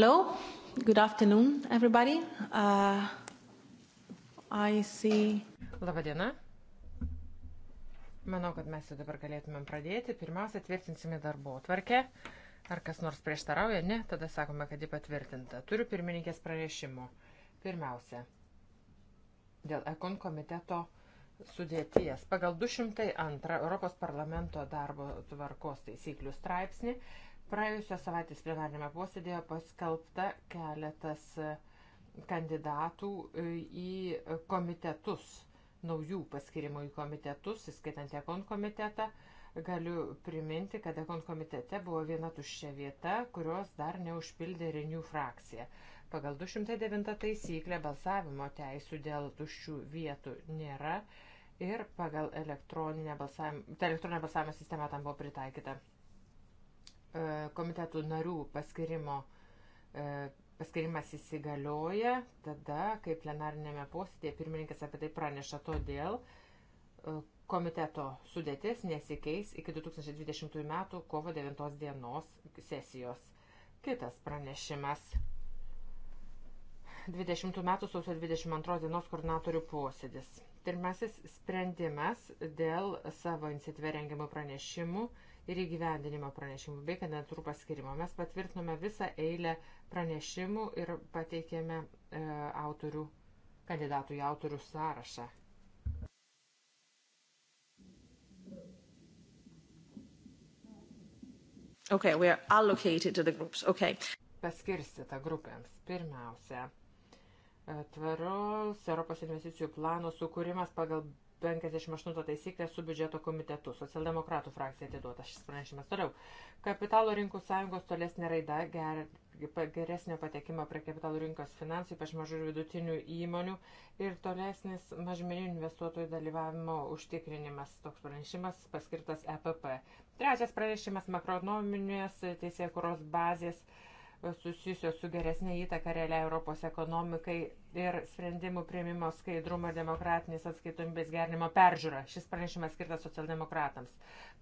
Hello, good afternoon, everybody. Uh, I see. Labadiena. Manau, kad mes jau dabar galėtumėm pradėti. Pirmiausia, tvirtinsime darbo tvarkę. Ar kas nors prieštarauja? Ne, tada sakome, kad ji patvirtinta. Turiu pirmininkės pranešimų. Pirmiausia, dėl ekon komiteto sudėties. Pagal 202 Europos parlamento darbo tvarkos taisyklių straipsnį Praėjusios savaitės plenarinėme posėdėje paskelbta keletas e, kandidatų e, į komitetus, naujų paskirimų į komitetus, įskaitant ekon komitetą. Galiu priminti, kad ekon komitete buvo viena tuščia vieta, kurios dar neužpildė Renių frakcija. Pagal 209 taisyklę balsavimo teisų dėl tuščių vietų nėra ir pagal elektroninę balsavimo, tai elektroninę balsavimo sistemą tam buvo pritaikyta. E, komitetų narių paskirimo, e, paskirimas įsigalioja tada, kai plenarinėme posėdėje pirmininkas apie tai praneša. Todėl e, komiteto sudėtis nesikeis iki 2020 m. kovo 9 dienos sesijos. Kitas pranešimas. 20 m. sausio 22 dienos koordinatorių posėdis. Pirmasis sprendimas dėl savo iniciatyvę rengiamų pranešimų ir įgyvendinimo pranešimų bei kandidatūrų paskirimo. Mes patvirtinome visą eilę pranešimų ir pateikėme e, autorių, kandidatų į autorių sąrašą. Okay, we are allocated to the groups. Okay. Paskirstyta grupėms. Pirmiausia, e, tvaros Europos investicijų plano sukūrimas pagal 58 taisyklę su biudžeto komitetu. Socialdemokratų frakcija atiduota šis pranešimas toliau. Kapitalo rinkų sąjungos tolesnė raida, ger, geresnio patekimo prie kapitalo rinkos finansų, ypač mažų ir vidutinių įmonių ir tolesnis mažmeninių investuotojų dalyvavimo užtikrinimas. Toks pranešimas paskirtas EPP. Trečias pranešimas makronominės teisėkuros bazės susijusios su geresnė įtaka realiai Europos ekonomikai ir sprendimų prieimimo skaidrumo demokratinės atskaitomybės gerinimo peržiūra. Šis pranešimas skirtas socialdemokratams.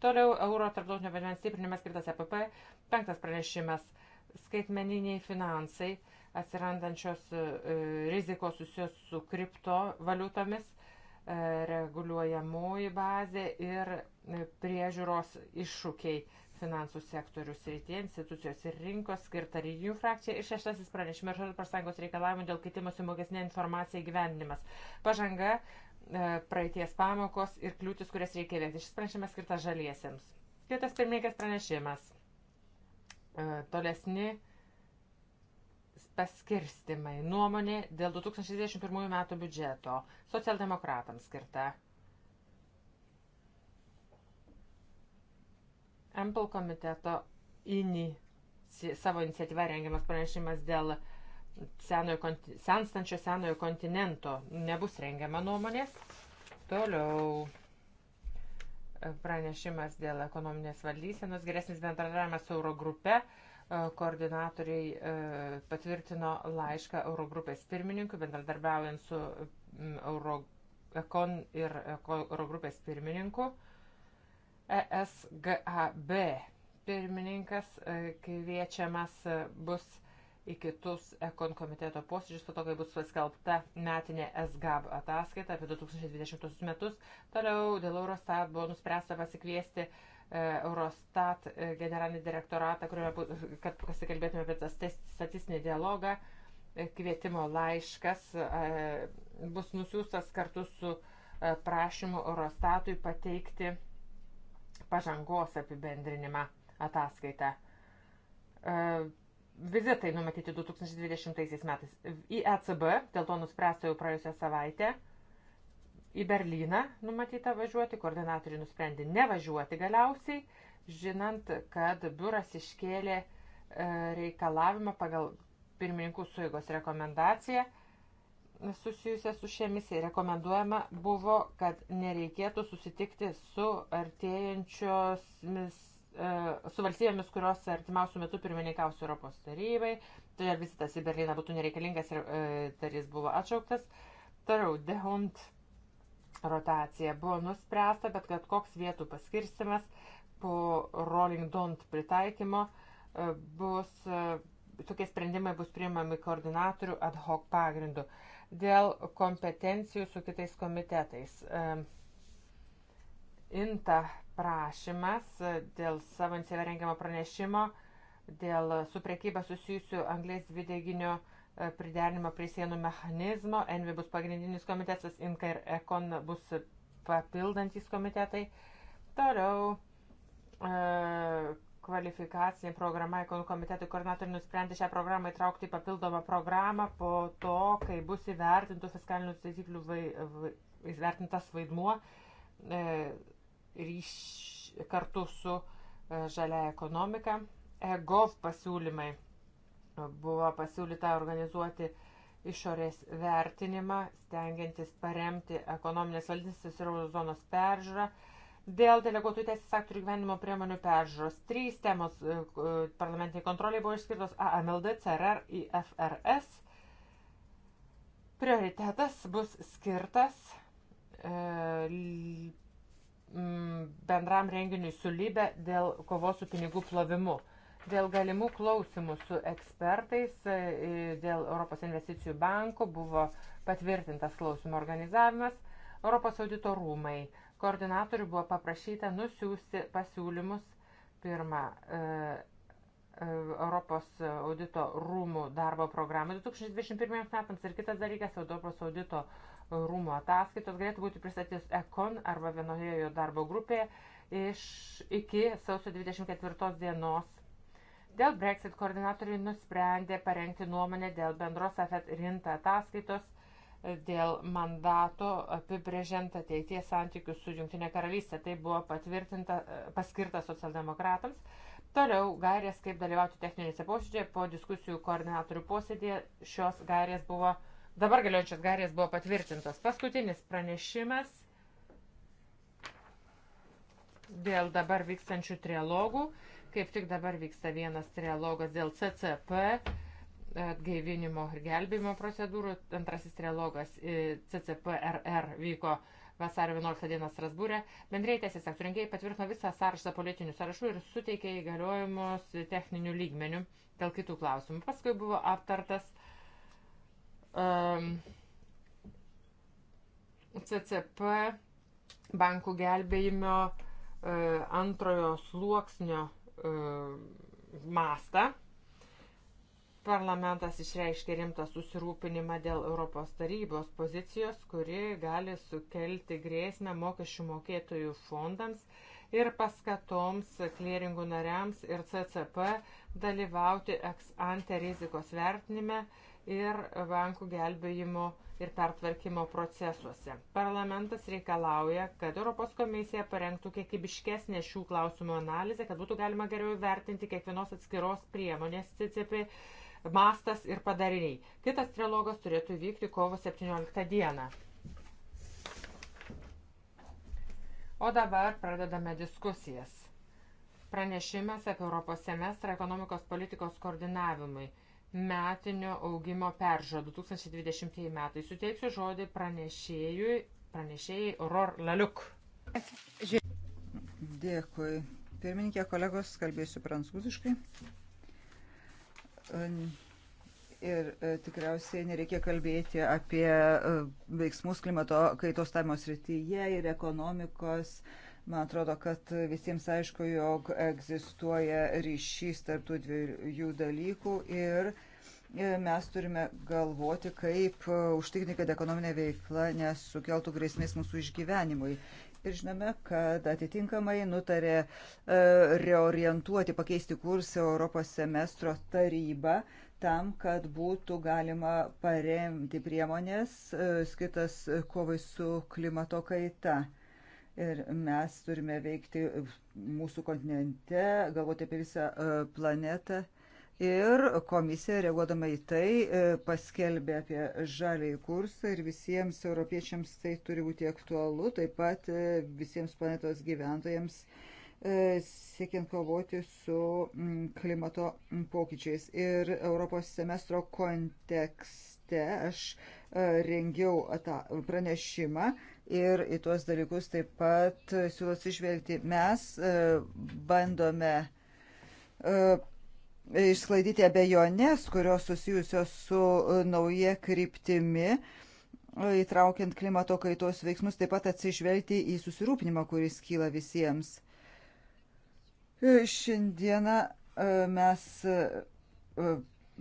Toliau euro tarptautinio vandens stiprinimas skirtas EPP. Penktas pranešimas - skaitmeniniai finansai atsirandančios e, rizikos susijusios su kriptovaliutomis, e, reguliuojamoji bazė ir e, priežiūros iššūkiai finansų sektorių srityje, institucijos ir rinkos skirta ryjų frakcija ir šeštasis pranešimai ir šalių prasangos reikalavimų dėl keitimosi mokesnė informacija gyvenimas. Pažanga, e, praeities pamokos ir kliūtis, kurias reikia įveikti. Šis pranešimas skirtas žaliesiems. Kitas pirmininkės pranešimas. E, tolesni paskirstimai. Nuomonė dėl 2021 metų biudžeto. Socialdemokratams skirta MPL komiteto ini, savo iniciatyva rengiamas pranešimas dėl senojo, senstančio senojo kontinento. Nebus rengiama nuomonės. Toliau e, pranešimas dėl ekonominės valdysenos, geresnis bendradarbiavimas su Eurogrupe. E, koordinatoriai e, patvirtino laišką Eurogrupės pirmininkui, bendradarbiaujant su Euro, Ekon ir Eurogrupės pirmininku. ESGAB pirmininkas e, kviečiamas e, bus į kitus ekon komiteto posėdžius, po to, kai bus paskelbta metinė SGAB ataskaita apie 2020 metus. Toliau dėl Eurostat buvo nuspręsta pasikviesti e, Eurostat generalinį direktoratą, kuriame, kad pasikalbėtume apie tą statistinį dialogą. Kvietimo laiškas bus nusiųstas kartu su prašymu Eurostatui pateikti pažangos apibendrinimą ataskaitą. E, vizitai numatyti 2020 metais į ECB, dėl to nuspręsta jau praėjusią savaitę. Į Berliną numatyta važiuoti, koordinatoriai nusprendė nevažiuoti galiausiai, žinant, kad biuras iškėlė e, reikalavimą pagal pirmininkų suėgos rekomendaciją susijusią su šia misija rekomenduojama buvo, kad nereikėtų susitikti su artėjančios e, su valstybėmis, kurios artimiausių metų pirmininkaus Europos tarybai. Todėl tai vizitas į Berliną būtų nereikalingas ir e, tarys buvo atšauktas. Toliau, dehunt rotacija buvo nuspręsta, bet kad koks vietų paskirstimas po Rolling Don't pritaikymo e, bus, e, tokie sprendimai bus priimami koordinatorių ad hoc pagrindu. E, dėl kompetencijų su kitais komitetais. Inta prašymas e, dėl savo iniciatyvą rengiamo pranešimo dėl su priekyba susijusių anglės dvideginio e, priderinimo prie sienų mechanizmo. Envi bus pagrindinis komitetas, Inka ir Ekon bus papildantis komitetai. Toliau e, kvalifikacinė programa, ikonų komitetų koordinatoriai nusprendė šią programą įtraukti į papildomą programą po to, kai bus įvertintų fiskalinių taisyklių vai, vai, įvertintas vaidmuo e, ryš, kartu su e, žalia ekonomika. EGOV pasiūlymai buvo pasiūlyta organizuoti išorės vertinimą, stengiantis paremti ekonominės valdysis ir eurozonos peržiūrą Dėl deleguotų teisės aktų ir gyvenimo priemonių peržiūros trys temos e, e, parlamentiniai kontroliai buvo išskirtos AMLD, CRR, IFRS. Prioritetas bus skirtas e, bendram renginiui su Libe dėl kovos su pinigų plovimu. Dėl galimų klausimų su ekspertais, e, dėl Europos investicijų banko buvo patvirtintas klausimų organizavimas, Europos audito rūmai Koordinatorių buvo paprašyta nusiųsti pasiūlymus pirmą e, e, Europos audito rūmų darbo programą 2021 metams ir kitas dalykas Europos audito rūmų ataskaitos galėtų būti pristatytos ECON arba vienoje jo darbo grupėje iš, iki sausio 24 dienos. Dėl Brexit koordinatoriai nusprendė parengti nuomonę dėl bendros AFET rinta ataskaitos dėl mandato apibrėžiant ateities santykius su Junktinė karalystė. Tai buvo patvirtinta, paskirta socialdemokratams. Toliau gairės, kaip dalyvauti techninėse posėdžiai, po diskusijų koordinatorių posėdėje šios gairės buvo, dabar galiojančios gairės buvo patvirtintos. Paskutinis pranešimas dėl dabar vykstančių trialogų. Kaip tik dabar vyksta vienas trialogas dėl CCP atgaivinimo ir gelbėjimo procedūrų. Antrasis trilogas CCPRR vyko vasario 11 dieną Strasbūrė. Bendrėjai teisės aktų rengėjai patvirtino visą sąrašą politinių sąrašų ir suteikė įgaliojimus techninių lygmenių dėl kitų klausimų. Paskui buvo aptartas um, CCP bankų gelbėjimo uh, antrojo sluoksnio uh, mastą. Parlamentas išreiškė rimtą susirūpinimą dėl Europos tarybos pozicijos, kuri gali sukelti grėsmę mokesčių mokėtojų fondams ir paskatoms klieringų nariams ir CCP dalyvauti ex-ante rizikos vertinime ir bankų gelbėjimo ir pertvarkymo procesuose. Parlamentas reikalauja, kad Europos komisija parengtų kiekybiškesnę šių klausimų analizę, kad būtų galima geriau vertinti kiekvienos atskiros priemonės CCP mastas ir padariniai. Kitas trilogas turėtų vykti kovo 17 dieną. O dabar pradedame diskusijas. Pranešimas apie Europos semestrą ekonomikos politikos koordinavimui metinio augimo peržo 2020 metai. Suteiksiu žodį pranešėjui, pranešėjai Ror Laliuk. Dėkui. Pirmininkė kolegos, kalbėsiu prancūziškai. Ir e, tikriausiai nereikia kalbėti apie e, veiksmus klimato kaitos tamos rytyje ir ekonomikos. Man atrodo, kad visiems aišku, jog egzistuoja ryšys tarp tų dviejų dalykų ir e, mes turime galvoti, kaip užtikrinti, kad ekonominė veikla nesukeltų grėsmės mūsų išgyvenimui. Ir žinome, kad atitinkamai nutarė e, reorientuoti, pakeisti kursą Europos semestro tarybą tam, kad būtų galima paremti priemonės e, skirtas kovai su klimato kaita. Ir mes turime veikti mūsų kontinente, galvoti apie visą e, planetą ir komisija, reaguodama į tai, e, paskelbė apie žalį kursą ir visiems europiečiams tai turi būti aktualu, taip pat e, visiems planetos gyventojams e, siekiant kovoti su klimato pokyčiais. Ir Europos semestro kontekste aš rengiau tą pranešimą ir į tuos dalykus taip pat siūlau atsižvelgti. Mes bandome išsklaidyti abejonės, kurios susijusios su e, nauja kryptimi, e, įtraukiant klimato kaitos veiksmus, taip pat atsižvelgti į susirūpinimą, kuris kyla visiems. E, šiandieną mes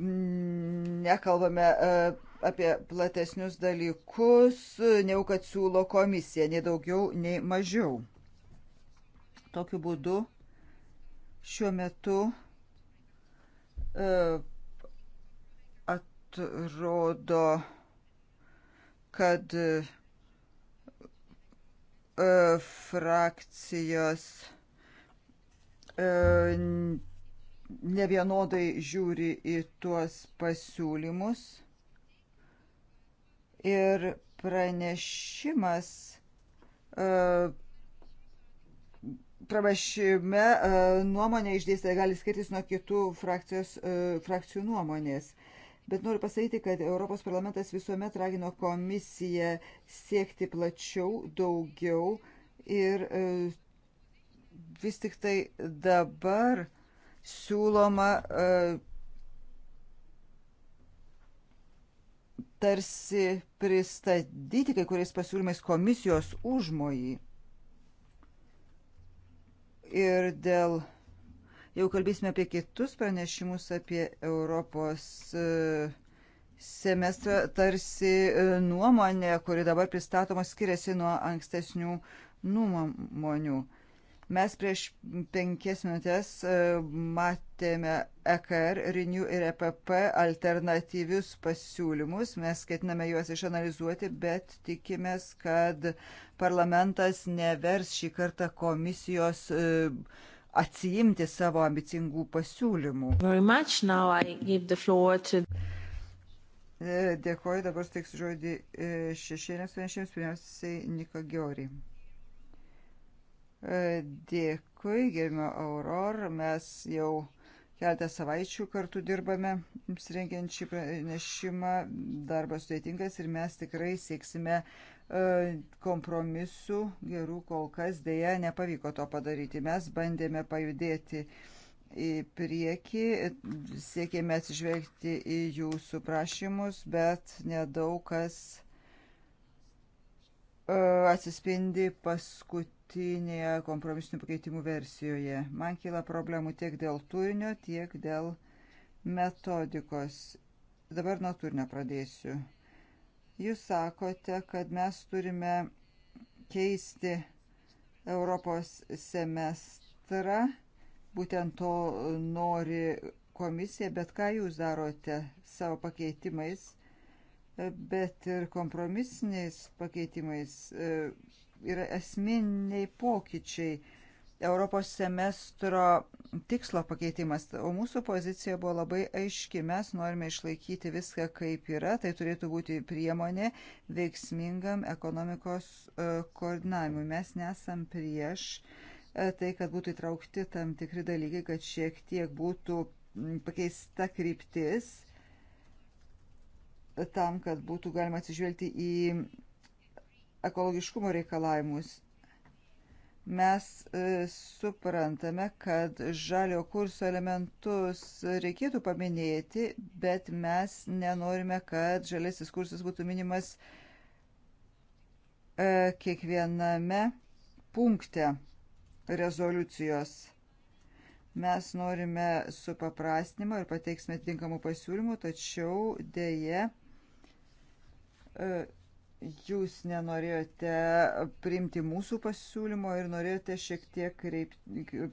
nekalbame apie platesnius dalykus, negu kad siūlo komisija, nei daugiau, nei mažiau. Tokiu būdu šiuo metu E, atrodo, kad e, frakcijos e, nevienodai žiūri į tuos pasiūlymus ir pranešimas pravašime e, nuomonė išdėstė gali skirtis nuo kitų frakcijos, e, frakcijų nuomonės. Bet noriu pasakyti, kad Europos parlamentas visuomet ragino komisiją siekti plačiau, daugiau ir e, vis tik tai dabar siūloma tarsi pristatyti kai kuriais pasiūlymais komisijos užmojį ir dėl, jau kalbėsime apie kitus pranešimus apie Europos e, semestrą, tarsi e, nuomonė, kuri dabar pristatoma, skiriasi nuo ankstesnių nuomonių. Nu Mes prieš penkias minutės e, matėme EKR, Renew ir EPP alternatyvius pasiūlymus. Mes ketiname juos išanalizuoti, bet tikimės, kad parlamentas nevers šį kartą komisijos e, atsijimti savo ambicingų pasiūlymų. E, Dėkuoju, dabar steiksiu žodį šešėlėms pranešėjams, pirmiausiai Niko Giori. Dėkui, gerbimo Auror, mes jau keletą savaičių kartu dirbame, rengiant šį pranešimą, darbas sudėtingas ir mes tikrai sieksime e, kompromisų gerų kol kas dėja nepavyko to padaryti. Mes bandėme pajudėti į priekį, siekėme atsižvelgti į jūsų prašymus, bet nedaug kas e, atsispindi paskutinį paskutinėje kompromisinių pakeitimų versijoje. Man kyla problemų tiek dėl turinio, tiek dėl metodikos. Dabar nuo turinio pradėsiu. Jūs sakote, kad mes turime keisti Europos semestrą, būtent to nori komisija, bet ką jūs darote savo pakeitimais, bet ir kompromisiniais pakeitimais yra esminiai pokyčiai. Europos semestro tikslo pakeitimas. O mūsų pozicija buvo labai aiški. Mes norime išlaikyti viską kaip yra. Tai turėtų būti priemonė veiksmingam ekonomikos e, koordinavimui. Mes nesam prieš e, tai, kad būtų įtraukti tam tikri dalykai, kad šiek tiek būtų pakeista kryptis tam, kad būtų galima atsižvelgti į ekologiškumo reikalavimus. Mes e, suprantame, kad žalio kurso elementus reikėtų paminėti, bet mes nenorime, kad žalėsis kursas būtų minimas e, kiekviename punkte rezoliucijos. Mes norime supaprastinimo ir pateiksime tinkamų pasiūlymų, tačiau dėje e, jūs nenorėjote priimti mūsų pasiūlymo ir norėjote šiek tiek kreip,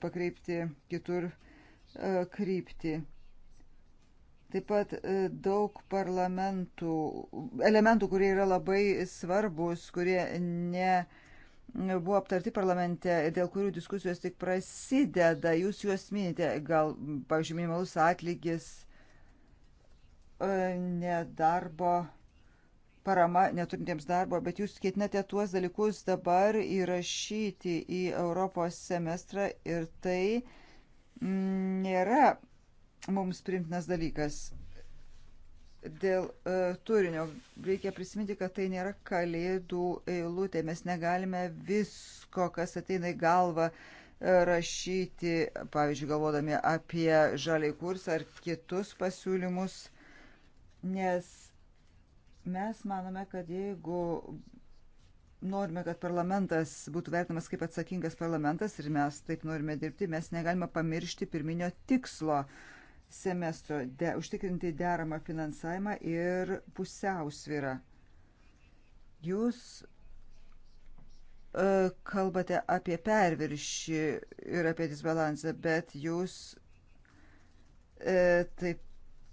pakreipti kitur e, kryptį. Taip pat e, daug parlamentų, elementų, kurie yra labai svarbus, kurie ne e, buvo aptarti parlamente, dėl kurių diskusijos tik prasideda, jūs juos minite, gal, pavyzdžiui, minimalus atlygis, nedarbo parama neturintiems darbo, bet jūs ketinate tuos dalykus dabar įrašyti į Europos semestrą ir tai mm, nėra mums primtinas dalykas. Dėl e, turinio reikia prisiminti, kad tai nėra kalėdų eilutė. Mes negalime visko, kas ateina į galvą, e, rašyti, pavyzdžiui, galvodami apie žaliai kursą ar kitus pasiūlymus, nes Mes manome, kad jeigu norime, kad parlamentas būtų vertinamas kaip atsakingas parlamentas ir mes taip norime dirbti, mes negalime pamiršti pirminio tikslo semestro de, užtikrinti deramą finansavimą ir pusiausvyrą. Jūs e, kalbate apie perviršį ir apie disbalansą, bet jūs e, taip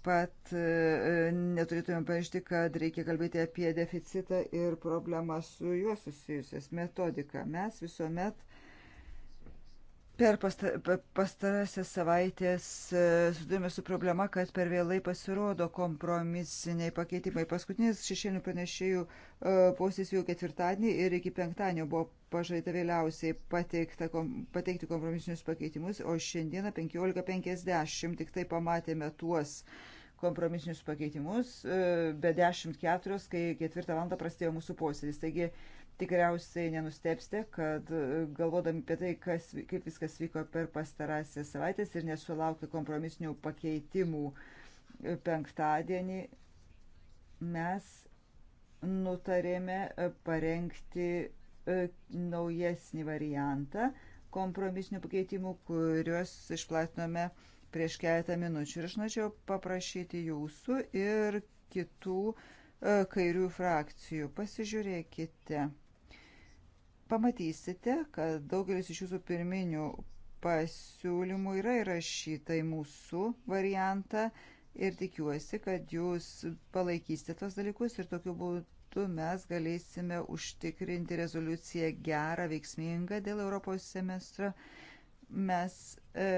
pat e, e, neturėtume paaišti, kad reikia kalbėti apie deficitą ir problemą su juo susijusias metodiką. Mes visuomet uh, Per pastarąsias savaitės e, susidurime su problema, kad per vėlai pasirodo kompromisiniai pakeitimai. Paskutinis šešėlių pranešėjų e, posės jau ketvirtadienį ir iki penktadienio buvo pažaita vėliausiai pateikta, kom, pateikti kompromisinius pakeitimus, o šiandieną 15.50 tik tai pamatėme tuos kompromisinius pakeitimus, e, be 10.4, kai ketvirtą valandą prasidėjo mūsų posėdis. Taigi, Tikriausiai nenustepsite, kad e, galvodami apie tai, kas, kaip viskas vyko per pastarąsią savaitės ir nesulaukti kompromisinių pakeitimų e, penktadienį, mes nutarėme e, parengti naujesnį variantą kompromisinių pakeitimų, kuriuos išplatinome prieš keletą minučių. Ir aš norėčiau paprašyti jūsų ir kitų kairių frakcijų. Pasižiūrėkite pamatysite, kad daugelis iš jūsų pirminių pasiūlymų yra įrašyta į mūsų variantą ir tikiuosi, kad jūs palaikysite tos dalykus ir tokiu būdu mes galėsime užtikrinti rezoliuciją gerą, veiksmingą dėl Europos semestro. Mes e,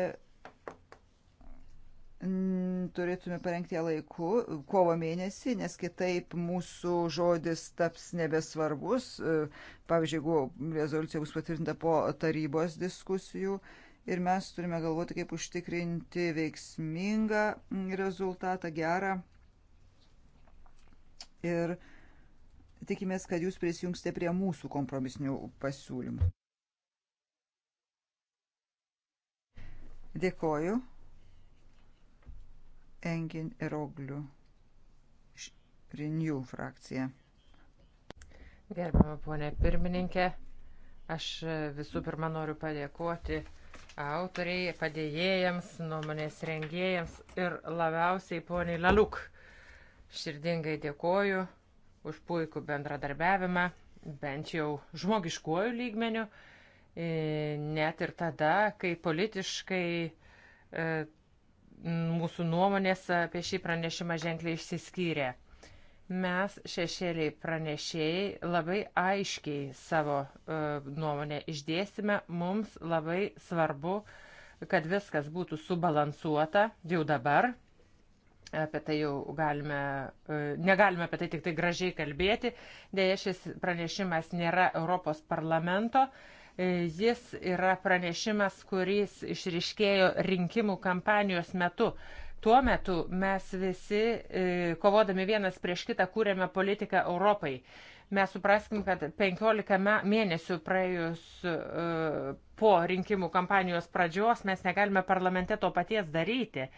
Mm, turėtume parengti ją laiku, kovo mėnesį, nes kitaip mūsų žodis taps nebesvarbus. E, pavyzdžiui, jeigu rezoliucija bus patvirtinta po tarybos diskusijų ir mes turime galvoti, kaip užtikrinti veiksmingą rezultatą, gerą. Ir tikimės, kad jūs prisijungsite prie mūsų kompromisinių pasiūlymų. Dėkoju. Engin ir Oglių. Renew frakcija. Gerbiama ponė pirmininkė, aš visų pirma noriu padėkoti autoriai, padėjėjams, nuomonės rengėjams ir labiausiai poniai Laluk. Širdingai dėkoju už puikų bendradarbiavimą, bent jau žmogiškuoju lygmeniu, net ir tada, kai politiškai e, mūsų nuomonės apie šį pranešimą ženkliai išsiskyrė. Mes šešėliai pranešėjai labai aiškiai savo uh, nuomonę išdėsime. Mums labai svarbu, kad viskas būtų subalansuota jau dabar. Apie tai jau galime, uh, negalime apie tai tik tai gražiai kalbėti. Deja, šis pranešimas nėra Europos parlamento. Uh, E, jis yra pranešimas, kuris išriškėjo rinkimų kampanijos metu. Tuo metu mes visi, e, kovodami vienas prieš kitą, kūrėme politiką Europai mes supraskim, kad 15 mėnesių praėjus e, po rinkimų kampanijos pradžios mes negalime parlamente to paties daryti.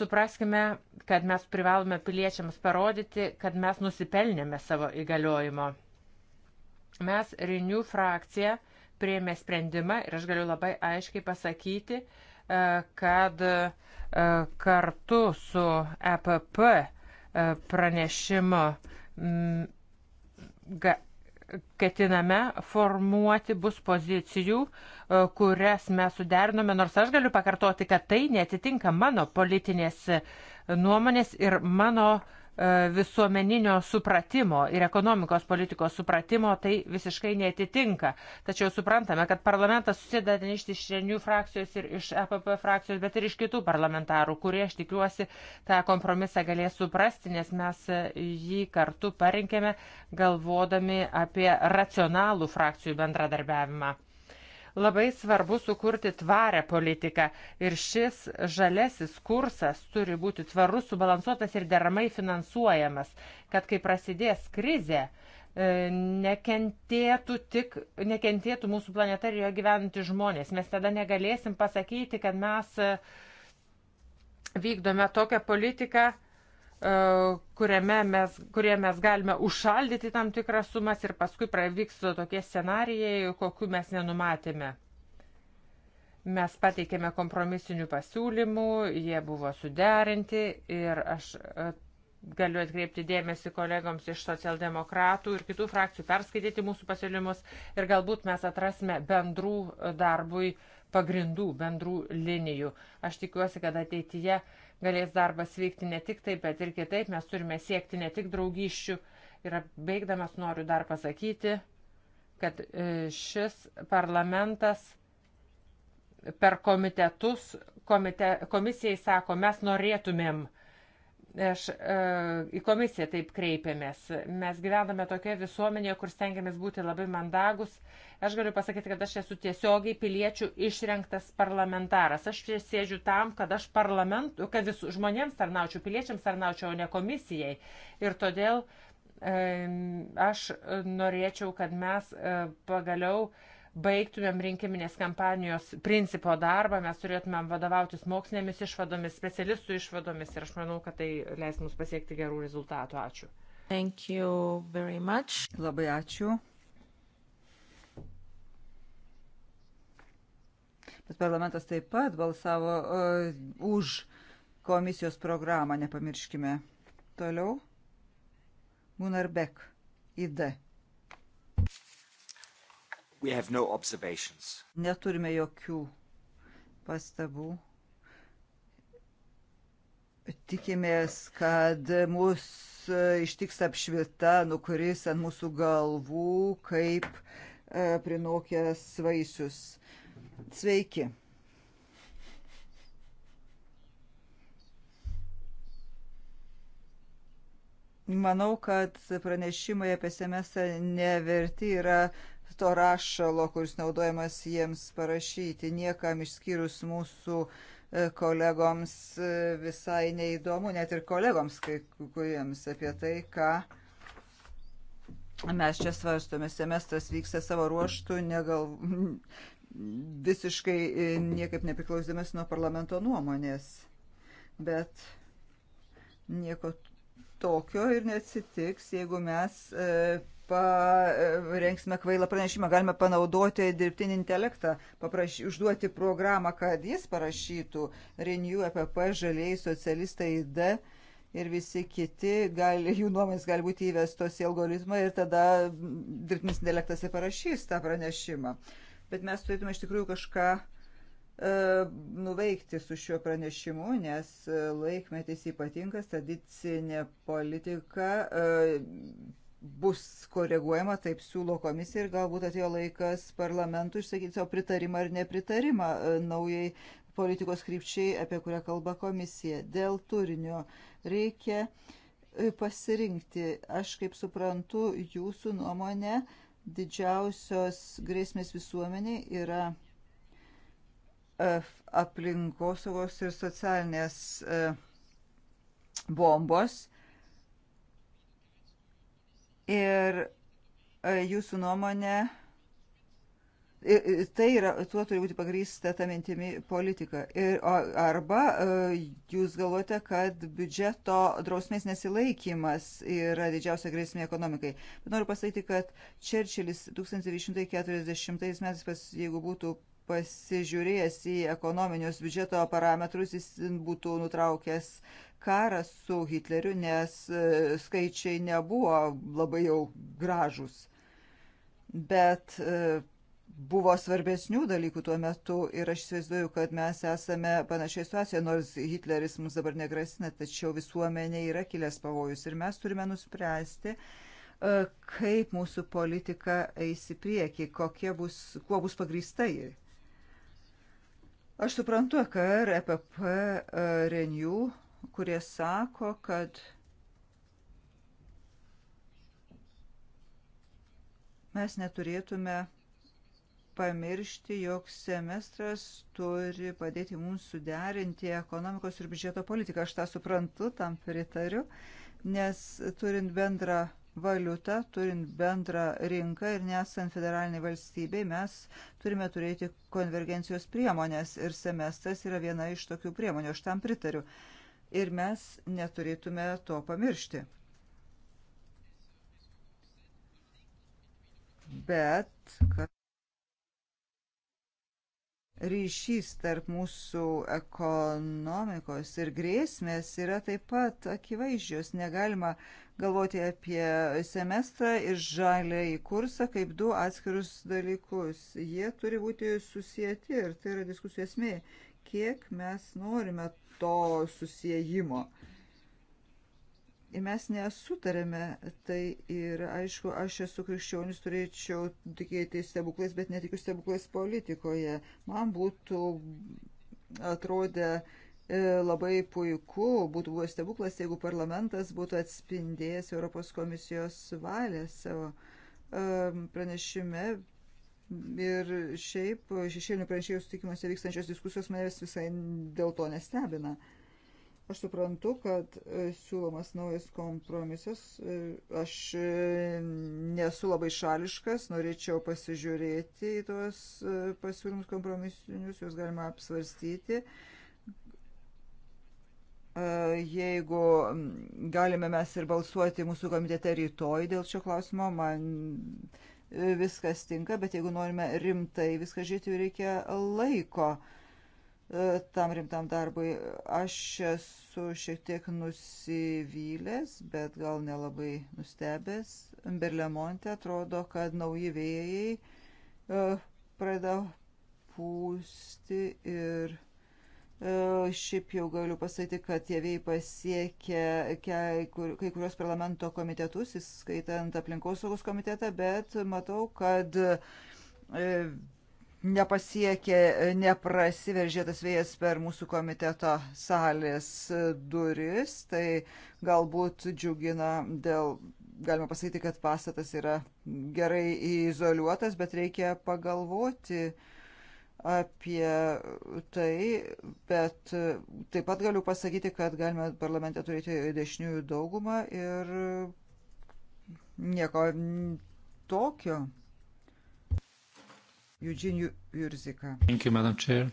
Supraskime, kad mes privalome piliečiams parodyti, kad mes nusipelnėme savo įgaliojimo. Mes Renew frakcija prieėmė sprendimą ir aš galiu labai aiškiai pasakyti, e, kad e, kartu su EPP e, pranešimo ketiname formuoti bus pozicijų, kurias mes suderinome, nors aš galiu pakartoti, kad tai netitinka mano politinės nuomonės ir mano uh, E, visuomeninio supratimo ir ekonomikos politikos supratimo tai visiškai netitinka. Tačiau suprantame, kad parlamentas susideda ne iš išrenių frakcijos ir iš EPP frakcijos, bet ir iš kitų parlamentarų, kurie, aš tikiuosi, tą kompromisą galės suprasti, nes mes jį kartu parinkėme galvodami apie racionalų frakcijų bendradarbiavimą. Labai svarbu sukurti tvarę politiką ir šis žalesis kursas turi būti tvarus, subalansuotas ir deramai finansuojamas, kad kai prasidės krizė, e, nekentėtų tik, nekentėtų mūsų planeta ir jo gyvenantys žmonės. Mes tada negalėsim pasakyti, kad mes e, vykdome tokią politiką, E, kuriame mes, kurie mes galime užšaldyti tam tikras sumas ir paskui pravyksta tokie scenarijai, kokiu mes nenumatėme. Mes pateikėme kompromisinių pasiūlymų, jie buvo suderinti ir aš e, galiu atkreipti dėmesį kolegoms iš socialdemokratų ir kitų frakcijų perskaityti mūsų pasiūlymus ir galbūt mes atrasime bendrų darbui pagrindų, bendrų linijų. Aš tikiuosi, kad ateityje galės darbas vykti ne tik taip, bet ir kitaip. Mes turime siekti ne tik draugyščių. Ir baigdamas noriu dar pasakyti, kad e, šis parlamentas per komitetus komite, komisijai sako, mes norėtumėm uh, Aš e, į komisiją taip kreipėmės. Mes gyvename tokioje visuomenėje, kur stengiamės būti labai mandagus. Aš galiu pasakyti, kad aš esu tiesiogiai piliečių išrinktas parlamentaras. Aš čia sėdžiu tam, kad aš parlamentu, kad vis žmonėms tarnaučiau, piliečiams tarnaučiau, o ne komisijai. Ir todėl e, aš norėčiau, kad mes e, pagaliau e, baigtumėm rinkiminės kampanijos principo darbą, mes turėtumėm vadovautis mokslinėmis išvadomis, specialistų išvadomis ir aš manau, kad tai leis mums pasiekti gerų rezultatų. Ačiū. Thank you very much. Labai ačiū. Bet parlamentas taip pat balsavo uh, už komisijos programą, nepamirškime. Toliau. Gunarbek. ID. No Neturime jokių pastabų. Tikimės, kad mus e, ištiks apšvita, nukuris ant mūsų galvų, kaip e, prinokęs vaisius. Sveiki. Manau, kad pranešimai apie semestrą neverti yra to rašalo, kuris naudojamas jiems parašyti. Niekam išskyrus mūsų e, kolegoms e, visai neįdomu, net ir kolegoms, kai kuriems apie tai, ką mes čia svarstome, semestras vyksta savo ruoštų, negal, visiškai e, niekaip nepriklausydamas nuo parlamento nuomonės. Bet nieko tokio ir neatsitiks, jeigu mes parengsime e, kvailą pranešimą, galime panaudoti dirbtinį intelektą, paprašy, užduoti programą, kad jis parašytų Renew, EPP, Žaliai, Socialistai, D ir visi kiti, gali, jų nuomonės gali būti įvestos į algoritmą ir tada dirbtinis intelektas ir parašys tą pranešimą. Bet mes turėtume iš tikrųjų kažką e, nuveikti su šiuo pranešimu, nes e, laikmetis ypatingas, tradicinė politika bus koreguojama, taip siūlo komisija ir galbūt atėjo laikas parlamentų išsakyti savo pritarimą ar nepritarimą e, naujai politikos krypčiai, apie kurią kalba komisija. Dėl turinio reikia e, pasirinkti. Aš kaip suprantu, jūsų nuomonė didžiausios grėsmės visuomenė yra e, aplinkosaugos ir socialinės bombos Ir e, jūsų nuomonė, tai yra, tuo turi būti pagrįsta ta mintimi politika. Ir, arba e, jūs galvote, kad biudžeto drausmės nesilaikymas yra didžiausia grėsmė ekonomikai. Bet noriu pasakyti, kad Čerčilis 1940 metais, jeigu būtų pasižiūrėjęs į ekonominius biudžeto parametrus, jis būtų nutraukęs karą su Hitleriu, nes e, skaičiai nebuvo labai jau gražus. Bet e, buvo svarbesnių dalykų tuo metu ir aš įsivaizduoju, kad mes esame panašioje situacijoje, nors Hitleris mums dabar negrasina, tačiau visuomenė yra kilęs pavojus ir mes turime nuspręsti, e, kaip mūsų politika eis į priekį, bus, kuo bus pagrįsta ji. Aš suprantu, kad RPP Renew kurie sako, kad mes neturėtume pamiršti, jog semestras turi padėti mums suderinti ekonomikos ir biudžeto politiką. Aš tą suprantu, tam pritariu, nes turint bendrą valiutą, turint bendrą rinką ir nesant federaliniai valstybei, mes turime turėti konvergencijos priemonės ir semestras yra viena iš tokių priemonių. Aš tam pritariu ir mes neturėtume to pamiršti. Bet kad ryšys tarp mūsų ekonomikos ir grėsmės yra taip pat akivaizdžios. Negalima galvoti apie semestrą ir žaliai kursą kaip du atskirus dalykus. Jie turi būti susijęti ir tai yra diskusijos esmė. Kiek mes norime to susijimo. Ir mes nesutarėme, tai ir aišku, aš esu krikščionis, turėčiau tikėti stebuklais, bet netikiu stebuklais politikoje. Man būtų atrodę e, labai puiku, būtų buvo stebuklas, jeigu parlamentas būtų atspindėjęs Europos komisijos valią savo e, pranešime, Ir šiaip šešėlinių pranešėjų sutikimuose vykstančios diskusijos manęs visai dėl to nestebina. Aš suprantu, kad e, siūlomas naujas kompromisas, e, aš e, nesu labai šališkas, norėčiau pasižiūrėti į tuos pasiūlymus kompromisinius, juos galima apsvarstyti jeigu galime mes ir balsuoti mūsų komitete rytoj dėl šio klausimo, man viskas tinka, bet jeigu norime rimtai viską žiūrėti, reikia laiko e, tam rimtam darbui. Aš esu šiek tiek nusivylęs, bet gal nelabai nustebęs. Berlemonte atrodo, kad nauji vėjai e, pradeda pūsti ir E, šiaip jau galiu pasakyti, kad tie vėjai pasiekė kai kurios parlamento komitetus, įskaitant aplinkosaugos komitetą, bet matau, kad e, nepasiekė, neprasiveržė tas vėjas per mūsų komiteto salės duris, tai galbūt džiugina dėl, galima pasakyti, kad pastatas yra gerai izoliuotas, bet reikia pagalvoti, uh, apie tai, bet taip pat galiu pasakyti, kad galime parlamente turėti dešiniųjų daugumą ir nieko tokio. Eugene Jurzika. Thank you, Madam Chair.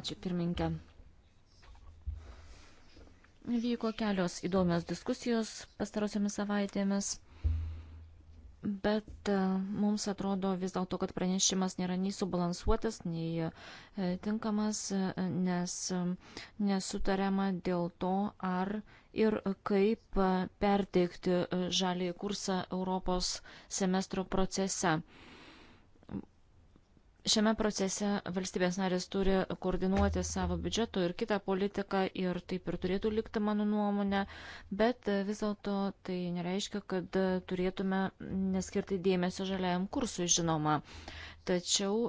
Ačiū, pirmininkė. Vyko kelios įdomios diskusijos pastarosiomis savaitėmis. Bet e, mums atrodo vis dėlto, kad pranešimas nėra nei subalansuotas, nei e, tinkamas, e, nes nesutariama dėl to, ar ir kaip perteikti žalį kursą Europos semestro procese. Šiame procese valstybės narės turi koordinuoti savo biudžeto ir kitą politiką ir taip ir turėtų likti mano nuomonė, bet e, vis dėlto tai nereiškia, kad e, turėtume neskirti dėmesio žaliajam kursui, žinoma. Tačiau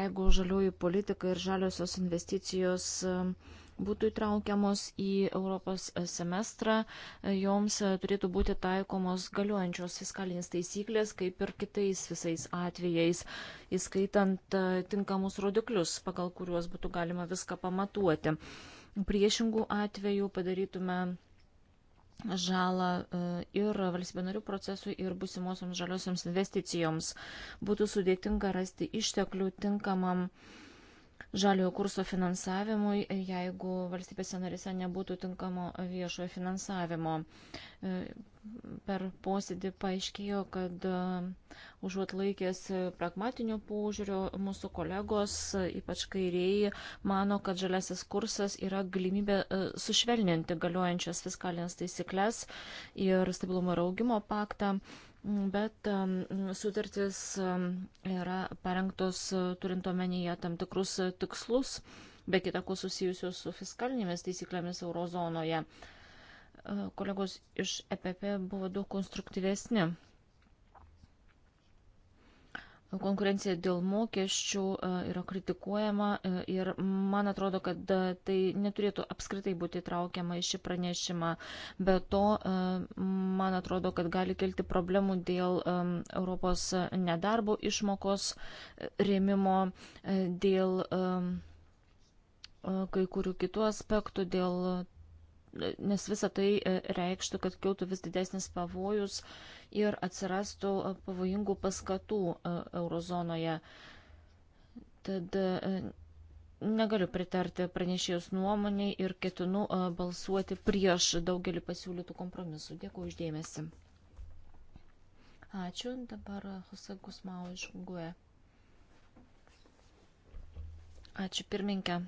jeigu žalioji politika ir žaliosios investicijos uh, būtų įtraukiamos į Europos semestrą, joms e, turėtų būti taikomos galiojančios fiskalinės taisyklės, kaip ir kitais visais atvejais, įskaitant e, tinkamus rodiklius, pagal kuriuos būtų galima viską pamatuoti. Priešingų atvejų padarytume žalą e, ir valstybė narių procesui, ir busimosioms žaliosioms investicijoms. Būtų sudėtinga rasti išteklių tinkamam uh, žaliojo kurso finansavimui, jeigu valstybėse narise nebūtų tinkamo viešojo finansavimo. E, per posėdį paaiškėjo, kad e, užuot laikęs pragmatinio požiūrio, mūsų kolegos, e, ypač kairiai, mano, kad žaliasis kursas yra galimybė sušvelninti galiojančias fiskalinės taisyklės ir stabilumo ir augimo paktą Bet sutartys yra parengtos e, turint omenyje tam tikrus e, tikslus, be kitako susijusius su fiskalinėmis taisyklėmis eurozonoje. E, kolegos iš EPP buvo daug konstruktyvesni konkurencija dėl mokesčių e, yra kritikuojama e, ir man atrodo, kad e, tai neturėtų apskritai būti traukiama į šį pranešimą. Be to, man atrodo, kad gali kilti problemų dėl Europos nedarbo išmokos rėmimo, dėl kai kurių kitų aspektų, dėl nes visa tai e, reikštų, kad kiltų vis didesnis pavojus ir atsirastų e, pavojingų paskatų e, eurozonoje. Tad negaliu pritarti pranešėjus nuomoniai ir ketinu balsuoti prieš daugelį pasiūlytų kompromisų. Dėkuoju uždėmesi. Ačiū. Dabar Jose Gusmau iš GUE. Ačiū pirminkė.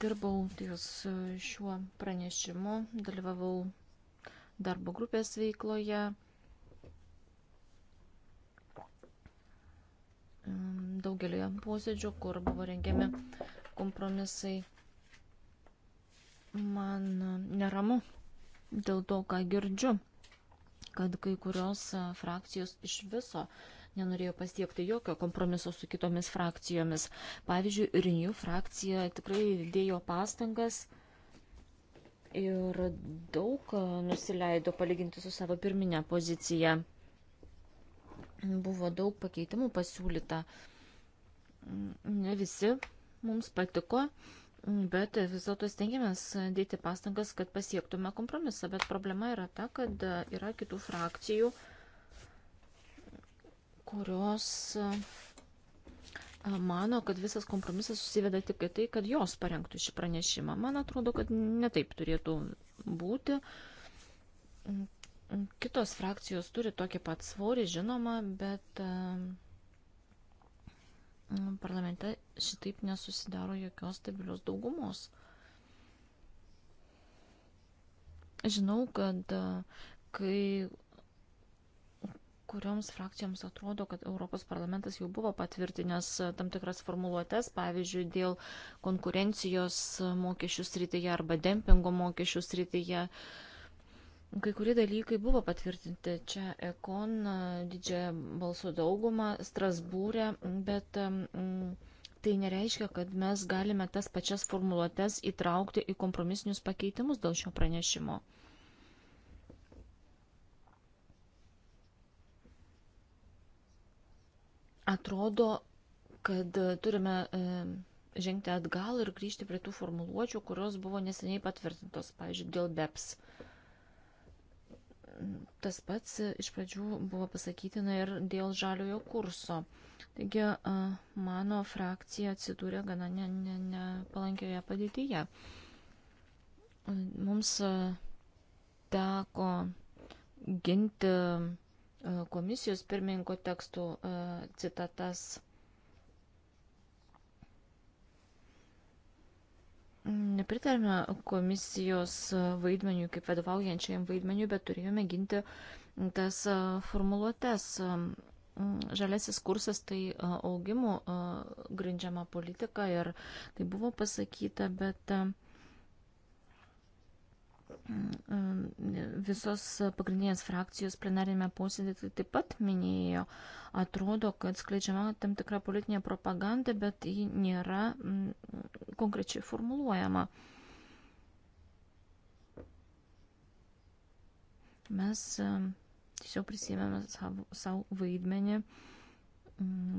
Dirbau ties e, šiuo pranešimu, dalyvavau darbo grupės veikloje. Mm, daugelį posėdžių, kur buvo rengiami kompromisai, man neramu dėl to, ką girdžiu, kad kai kurios frakcijos iš viso uh, nenorėjo pasiekti jokio kompromiso su kitomis frakcijomis. Pavyzdžiui, Rinių frakcija tikrai dėjo pastangas ir daug e, nusileido palyginti su savo pirminė pozicija. Buvo daug pakeitimų pasiūlyta. Mm, ne visi mums patiko. Bet vis dėlto stengiamės dėti pastangas, kad pasiektume kompromisą. Bet problema yra ta, kad yra kitų frakcijų, uh, kurios mano, kad visas kompromisas susiveda tik į tai, kad jos parengtų šį pranešimą. Man atrodo, kad netaip turėtų būti. Kitos frakcijos turi tokį pat svorį, žinoma, bet parlamente šitaip nesusidaro jokios stabilios daugumos. Žinau, kad kai kurioms frakcijoms atrodo, kad Europos parlamentas jau buvo patvirtinęs e, tam tikras formuluotės, pavyzdžiui, dėl konkurencijos e, mokesčių srityje arba dempingo mokesčių srityje. Kai kurie dalykai buvo patvirtinti čia Ekon e, didžiąją balsų daugumą Strasbūrė, bet mm, tai nereiškia, kad mes galime tas pačias formuluotės įtraukti į kompromisinius pakeitimus dėl šio pranešimo. Atrodo, kad e, turime e, žengti atgal ir grįžti prie tų formuluočių, kurios buvo neseniai patvirtintos, pavyzdžiui, dėl BEPS. Tas pats e, iš pradžių buvo pasakytina ir dėl žaliojo kurso. Taigi mano frakcija atsidūrė gana nepalankioje ne, ne, ne padėtyje. Mums teko ginti E, komisijos pirmininko tekstų e, citatas. Nepritarėme komisijos vaidmeniui kaip vadovaujančiam vaidmeniui, bet turėjome ginti tas e, formuluotės. Žalesis kursas tai augimu grindžiama politika ir tai buvo pasakyta, bet Mm, mm, visos pagrindinės frakcijos plenarinėme posėdė tai taip pat minėjo, atrodo, kad skleidžiama tam tikra politinė propaganda, bet ji nėra mm, konkrečiai formuluojama. Mes tiesiog prisėmėme savo, savo vaidmenį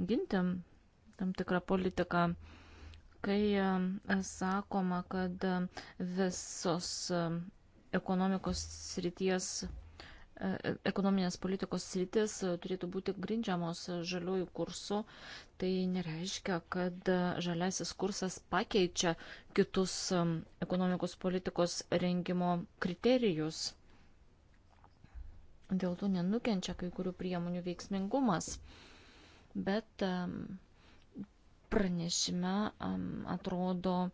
ginti tam tikrą politiką kai sakoma, kad visos ekonomikos srities, e, e, ekonominės politikos sritis e, turėtų būti grindžiamos žaliųjų kursų, tai nereiškia, kad žaliasis kursas pakeičia kitus ekonomikos politikos rengimo kriterijus. Dėl to nenukenčia kai kurių priemonių veiksmingumas. Bet um, pranešime atrodo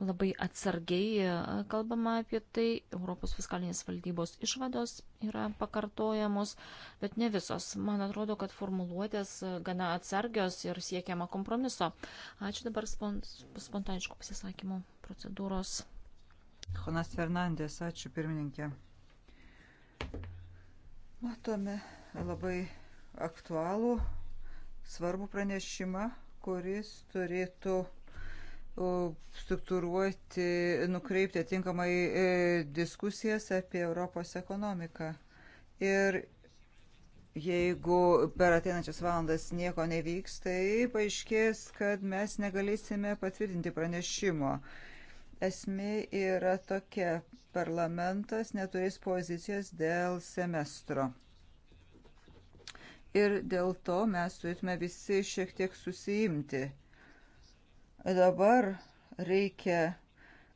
labai atsargiai e, kalbama apie tai. Europos fiskalinės valdybos išvados yra pakartojamos, bet ne visos. Man atrodo, kad formuluotės e, gana atsargios ir siekiama kompromiso. Ačiū dabar spontaniškų pasisakymų procedūros. Jonas Fernandės, ačiū pirmininkė. Matome labai aktualų, svarbų pranešimą kuris turėtų struktūruoti, nukreipti atinkamai e, diskusijas apie Europos ekonomiką. Ir jeigu per ateinančias valandas nieko nevyks, tai paaiškės, kad mes negalėsime patvirtinti pranešimo. Esmė yra tokia, parlamentas neturės pozicijos dėl semestro ir dėl to mes turėtume visi šiek tiek susijimti. Dabar reikia,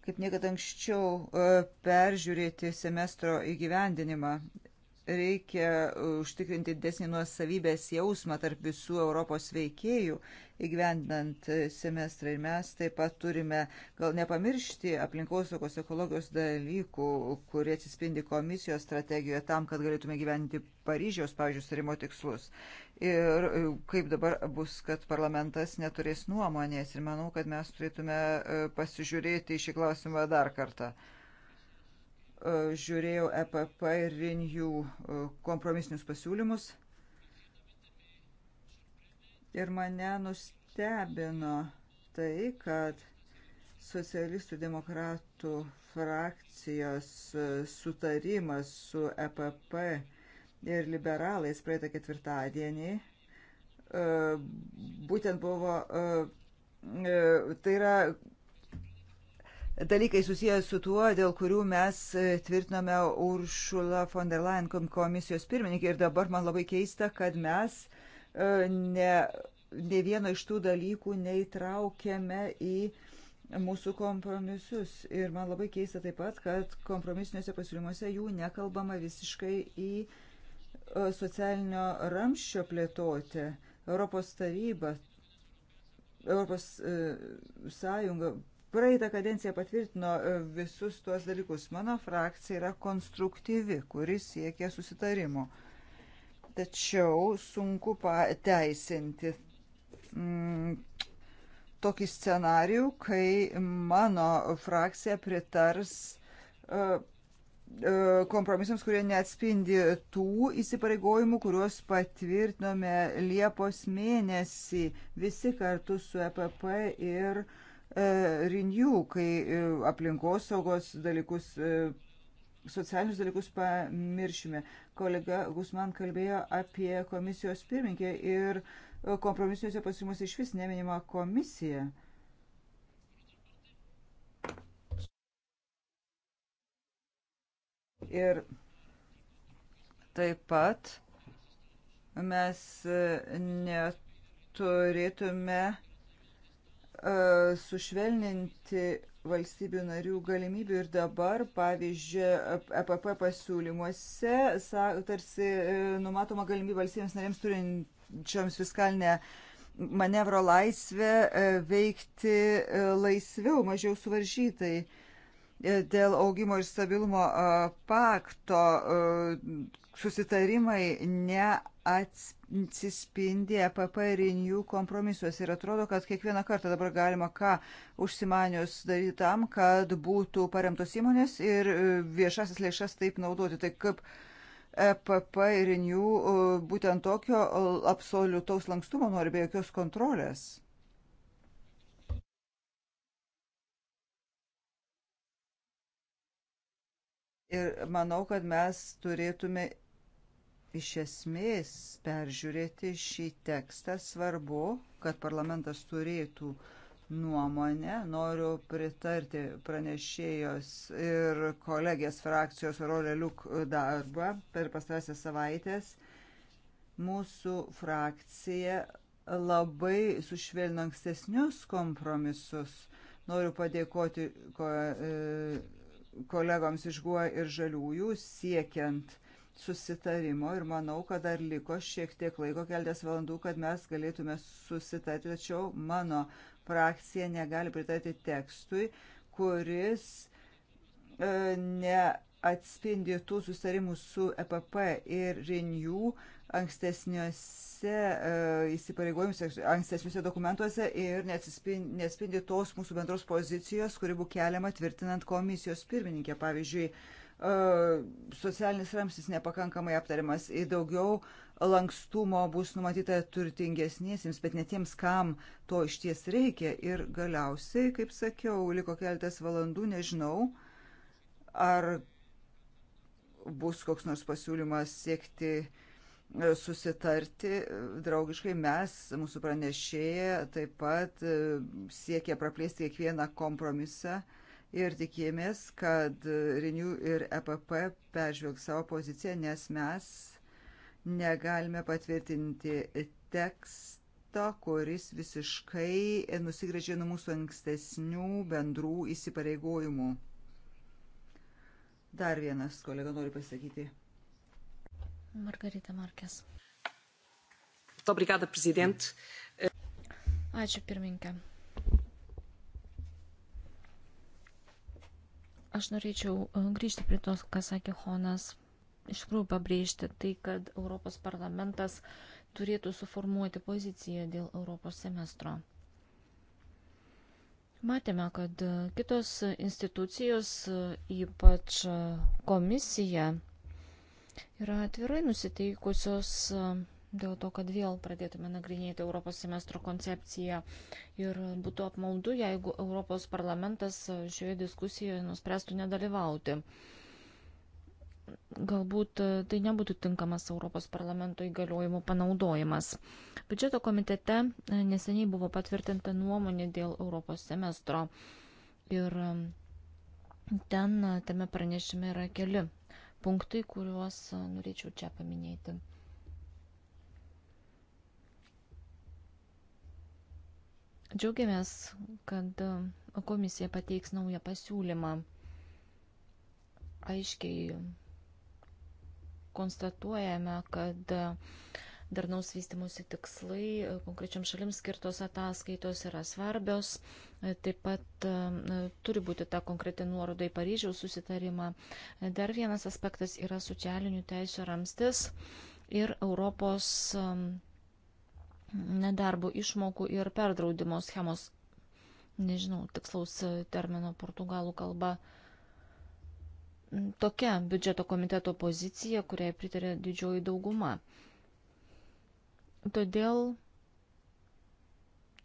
kaip niekada anksčiau, e, peržiūrėti semestro įgyvendinimą reikia užtikrinti desnį nuosavybės jausmą tarp visų Europos veikėjų įgyvendant semestrą. Ir mes taip pat turime gal nepamiršti aplinkosaugos ekologijos dalykų, kurie atsispindi komisijos strategijoje tam, kad galėtume gyventi Paryžiaus, pavyzdžiui, sarimo tikslus. Ir kaip dabar bus, kad parlamentas neturės nuomonės. Ir manau, kad mes turėtume e, pasižiūrėti į šį klausimą dar kartą. E, žiūrėjau EPP ir Rinjų e, kompromisinius pasiūlymus ir mane nustebino tai, kad socialistų demokratų frakcijos e, sutarimas su EPP ir liberalais praeitą ketvirtadienį būtent buvo, tai yra dalykai susijęs su tuo, dėl kurių mes e, tvirtiname Uršulą von der Leyen komisijos pirmininkį. Ir dabar man labai keista, kad mes e, ne, ne vieno iš tų dalykų neįtraukėme į mūsų kompromisus. Ir man labai keista taip pat, kad kompromisiniuose pasiūlymuose jų nekalbama visiškai į e, socialinio ramščio plėtoti. Europos taryba, Europos e, sąjunga praeitą kadenciją patvirtino e, visus tuos dalykus. Mano frakcija yra konstruktyvi, kuris siekia susitarimo. Tačiau sunku pateisinti mm, tokį scenarių, kai mano frakcija pritars uh, kompromisams, kurie neatspindi tų įsipareigojimų, kuriuos patvirtinome Liepos mėnesį visi kartu su EPP ir uh, E, Renew, kai e, aplinkosaugos dalykus, e, socialinius dalykus pamiršime. Kolega Gusman kalbėjo apie komisijos pirmininkę ir kompromisiniuose pasiūlymuose iš vis neminima komisija. Ir taip pat mes neturėtume E, sušvelninti valstybių narių galimybių ir dabar, pavyzdžiui, EPP pasiūlymuose tarsi e, numatoma galimybė valstybėms narėms turinčioms fiskalinę manevro laisvę e, veikti laisviau, mažiau suvaržytai dėl augimo ir stabilumo pakto susitarimai neatsispindi EPP ir jų kompromisuose. Ir atrodo, kad kiekvieną kartą dabar galima ką užsimanius daryti tam, kad būtų paremtos įmonės ir e, viešasis lėšas taip naudoti. Tai kaip EPP ir jų e, būtent tokio absoliutaus lankstumo nori be jokios kontrolės. Ir manau, kad mes turėtume iš esmės peržiūrėti šį tekstą. Svarbu, kad parlamentas turėtų nuomonę. Noriu pritarti pranešėjos ir kolegės frakcijos Rolė Liuk darbą per pastarąsias savaitės. Mūsų frakcija labai sušvelnino ankstesnius kompromisus. Noriu padėkoti ko, e, kolegoms iš Guo ir Žaliųjų siekiant susitarimo ir manau, kad dar liko šiek tiek laiko, keltės valandų, kad mes galėtume susitarti, tačiau mano frakcija negali pritarti tekstui, kuris e, neatspindi tų susitarimų su EPP ir Renew, ankstesniuose e, įsipareigojimuose, ankstesniuose dokumentuose ir neatspindi tos mūsų bendros pozicijos, kuri buvo keliama tvirtinant komisijos pirmininkę. Pavyzdžiui, e, socialinis ramsis nepakankamai aptariamas ir daugiau lankstumo bus numatyta turtingesniesiems, bet ne tiems, kam to iš ties reikia. Ir galiausiai, kaip sakiau, liko keletas valandų, nežinau, ar bus koks nors pasiūlymas siekti uh, susitarti draugiškai mes, mūsų pranešėja, taip pat e, siekia praplėsti kiekvieną kompromisą ir tikėjomės, kad Renew ir EPP peržvelgs savo poziciją, nes mes negalime patvirtinti teksto, kuris visiškai nusigrėžė nuo mūsų ankstesnių bendrų įsipareigojimų. Dar vienas kolega nori pasakyti. Margarita Markės. Obrigada, prezident. Ačiū, pirmininkė. Aš norėčiau uh, grįžti prie tos, ką sakė Honas. Iš tikrųjų, pabrėžti tai, kad Europos parlamentas turėtų suformuoti poziciją dėl Europos semestro. Matėme, kad uh, kitos institucijos, uh, ypač komisija, yra atvirai nusiteikusios e, dėl to, kad vėl pradėtume nagrinėti Europos semestro koncepciją. Ir būtų apmaudu, jeigu Europos parlamentas e, šioje diskusijoje nuspręstų nedalyvauti. Galbūt e, tai nebūtų tinkamas Europos parlamento įgaliojimų panaudojimas. Biudžeto komitete neseniai buvo patvirtinta nuomonė dėl Europos semestro. Ir ten tame pranešime yra keli punktai, kuriuos norėčiau čia paminėti. Džiaugiamės, kad komisija pateiks naują pasiūlymą aiškiai konstatuojame, kad darnaus vystimosi tikslai, e, konkrečiam šalims skirtos ataskaitos yra svarbios. E, taip pat e, turi būti ta konkreti nuoroda į Paryžiaus susitarimą. Dar vienas aspektas yra socialinių teisų ramstis ir Europos nedarbo išmokų ir perdraudimo schemos. Nežinau, tikslaus termino portugalų kalba tokia biudžeto komiteto pozicija, kuriai pritarė didžioji dauguma. Todėl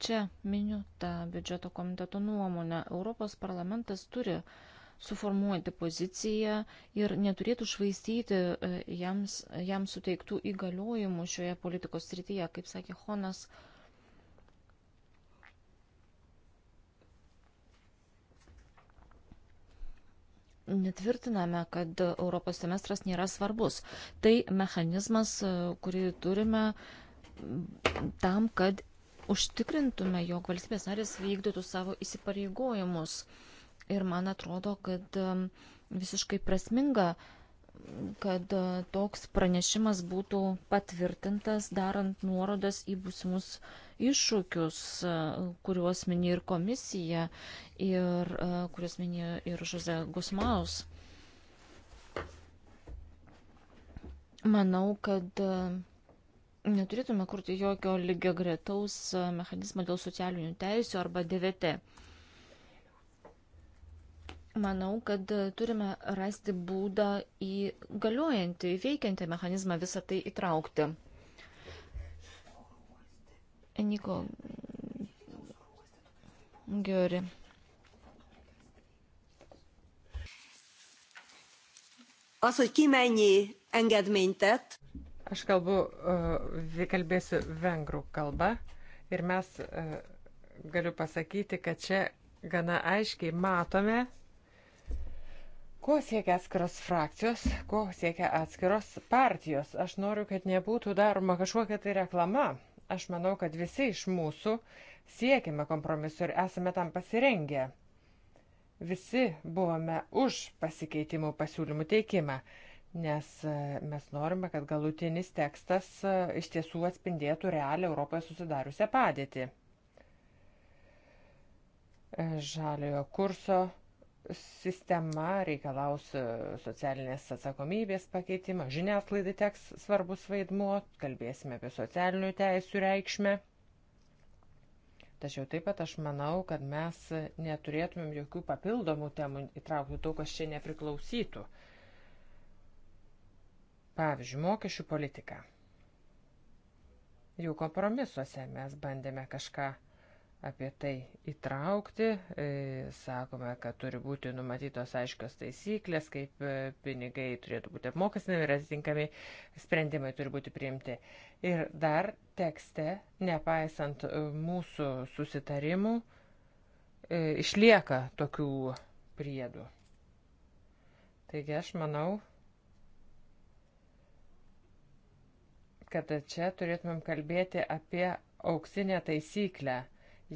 čia miniu tą biudžeto komiteto nuomonę. Europos parlamentas turi suformuoti poziciją ir neturėtų švaistyti e, jams, jam suteiktų įgaliojimų šioje politikos srityje, kaip sakė Honas. netvirtiname, kad Europos semestras nėra svarbus. Tai mechanizmas, e, kurį turime tam, kad užtikrintume, jog valstybės narės vykdytų savo įsipareigojimus. Ir man atrodo, kad um, visiškai prasminga, kad uh, toks pranešimas būtų patvirtintas, darant nuorodas į būsimus iššūkius, uh, kuriuos minėjo ir komisija, ir uh, kuriuos minėjo ir Žoze Gusmaus. Manau, kad neturėtume kurti jokio lygio gretaus e, mechanizmo dėl socialinių teisių arba DVT. Manau, kad e, turime rasti būdą į galiojantį, veikiantį mechanizmą visą tai įtraukti. Niko Giori. Az, hogy ki mennyi engedményt tett, Aš kalbu, e, kalbėsiu vengrų kalbą ir mes e, galiu pasakyti, kad čia gana aiškiai matome, ko siekia atskiros frakcijos, ko siekia atskiros partijos. Aš noriu, kad nebūtų daroma kažkokia tai reklama. Aš manau, kad visi iš mūsų siekime kompromisu ir esame tam pasirengę. Visi buvome už pasikeitimų pasiūlymų teikimą nes e, mes norime, kad galutinis tekstas e, iš tiesų atspindėtų realią Europoje susidariusią padėtį. E, žaliojo kurso sistema reikalaus socialinės atsakomybės pakeitimo, žiniasklaidai teks svarbus vaidmuo, kalbėsime apie socialinių teisų reikšmę. Tačiau taip pat aš manau, kad mes neturėtumėm jokių papildomų temų įtraukti to, kas čia nepriklausytų. Uh, Pavyzdžiui, mokesčių politika. Jau kompromisuose mes bandėme kažką apie tai įtraukti. E, sakome, kad turi būti numatytos aiškios taisyklės, kaip e, pinigai turėtų būti apmokestinami ir atitinkami sprendimai turi būti priimti. Ir dar tekste, nepaisant e, mūsų susitarimų, išlieka tokių priedų. Taigi aš manau, kad čia turėtumėm kalbėti apie auksinę taisyklę.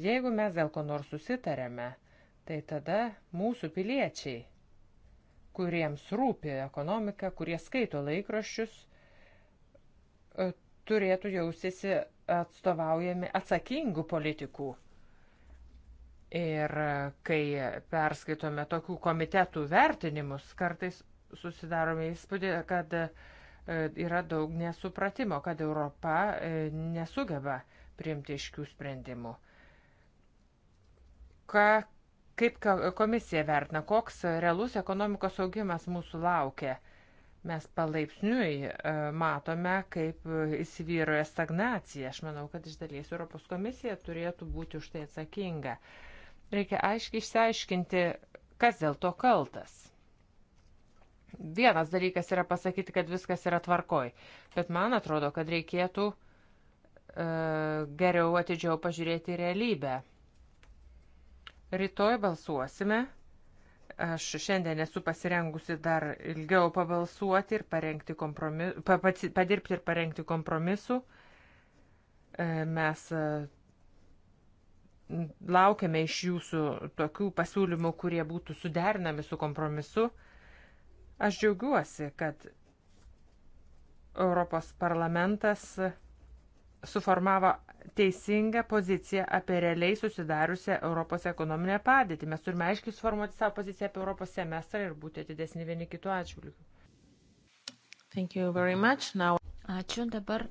Jeigu mes dėl ko nors susitarėme, tai tada mūsų piliečiai, kuriems rūpi ekonomika, kurie skaito laikraščius, e, turėtų jausisi atstovaujami atsakingų politikų. Ir e, kai perskaitome tokių komitetų vertinimus, kartais susidarome įspūdį, kad uh, E, yra daug nesupratimo, kad Europa e, nesugeba priimti iškių sprendimų. Ką, kaip komisija vertina, koks realus ekonomikos augimas mūsų laukia? Mes palaipsniui e, matome, kaip įsivyroja stagnacija. Aš manau, kad iš dalies Europos komisija turėtų būti už tai atsakinga. Reikia aiškiai išsiaiškinti, kas dėl to kaltas Vienas dalykas yra pasakyti, kad viskas yra tvarkoj, bet man atrodo, kad reikėtų e, geriau atidžiau pažiūrėti realybę. Rytoj balsuosime. Aš šiandien esu pasirengusi dar ilgiau pabalsuoti ir parengti kompromisų, padirbti ir parengti kompromisų. E, mes e, laukiame iš jūsų tokių pasiūlymų, kurie būtų suderinami su kompromisu. Aš džiaugiuosi, kad Europos parlamentas suformavo teisingą poziciją apie realiai susidariusią Europos ekonominę padėtį. Mes turime aiškiai suformuoti savo poziciją apie Europos semestrą ir būti atidesni vieni kitų atžvilgių. Now... Ačiū. Dabar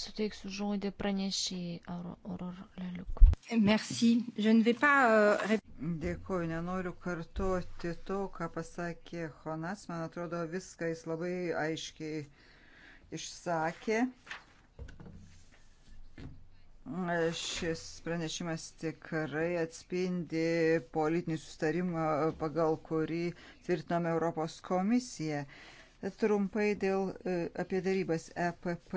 suteiksiu žodį pranešėjai Auror Leliuk. Merci. Je ne vais pas. Euh, Dėkuoju, nenoriu kartoti to, ką pasakė Honas. Man atrodo, viską jis labai aiškiai išsakė. Šis pranešimas tikrai atspindi politinį sustarimą, pagal kurį tvirtinome Europos komisiją. Trumpai dėl e, apie darybas EPP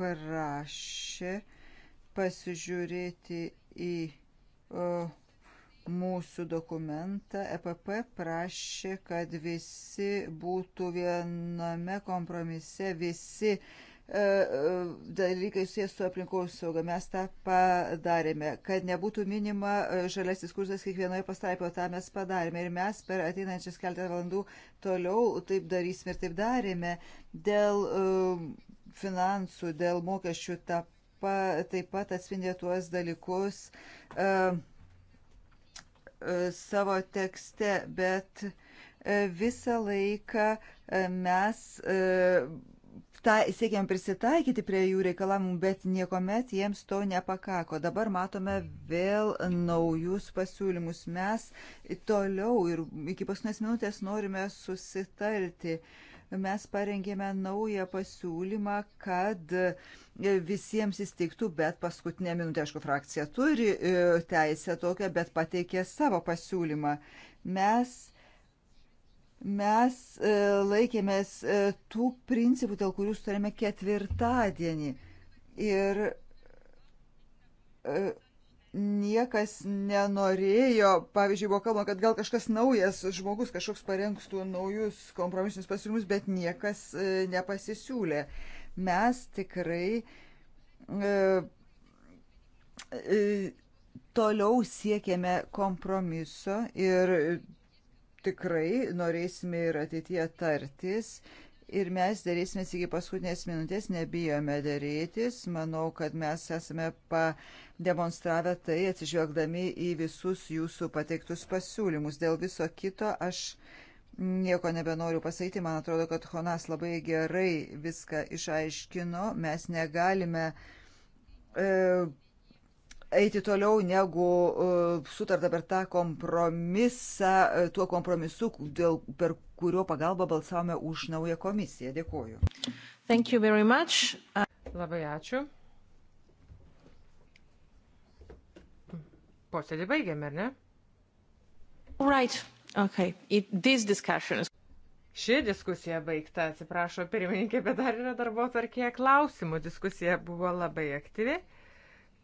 prašė pasižiūrėti į uh, mūsų dokumentą. EPP prašė, kad visi būtų viename kompromise, visi e, e, dalykai susijęs su aplinkos sauga. Mes tą padarėme, kad nebūtų minima e, žalesis kursas kiekvienoje pastraipoje, tą mes padarėme. Ir mes per ateinančias keltą valandų toliau taip darysime ir taip darėme dėl uh, finansų, dėl mokesčių ta, pa, taip pat atspindė tuos dalykus e, e, savo tekste, bet e, visą laiką e, mes e, ta, siekiam prisitaikyti prie jų reikalavimų, bet niekuomet jiems to nepakako. Dabar matome vėl naujus pasiūlymus. Mes toliau ir iki paskutinės minutės norime susitarti. E, mes parengėme naują pasiūlymą, kad visiems įsteigtų, bet paskutinė minutė, aišku, frakcija turi e, teisę tokią, bet pateikė savo pasiūlymą. Mes Mes e, laikėmės e, tų principų, dėl kurių sutarėme ketvirtadienį. Ir niekas nenorėjo, pavyzdžiui, buvo kalbama, kad gal kažkas naujas žmogus, kažkoks parengstų naujus kompromisinius pasiūlymus, bet niekas e, nepasisiūlė. Mes tikrai e, e, toliau siekėme kompromiso ir tikrai norėsime ir ateityje tartis ir mes dėrėsimės iki paskutinės minutės, nebijome dėrėtis. Manau, kad mes esame pademonstravę tai, atsižvelgdami į visus jūsų pateiktus pasiūlymus. Dėl viso kito aš nieko nebenoriu pasakyti. Man atrodo, kad Honas labai gerai viską išaiškino. Mes negalime. E, eiti toliau negu e, sutarta per tą kompromisą, e, tuo kompromisu, dėl, per kurio pagalba balsavome už naują komisiją. Dėkuoju. Labai ačiū. Posėdį baigiame, ar ne? Right. Okay. It, Ši diskusija baigta, atsiprašo pirmininkė, bet dar yra darbo atvarkėje klausimų. Diskusija buvo labai aktyvi.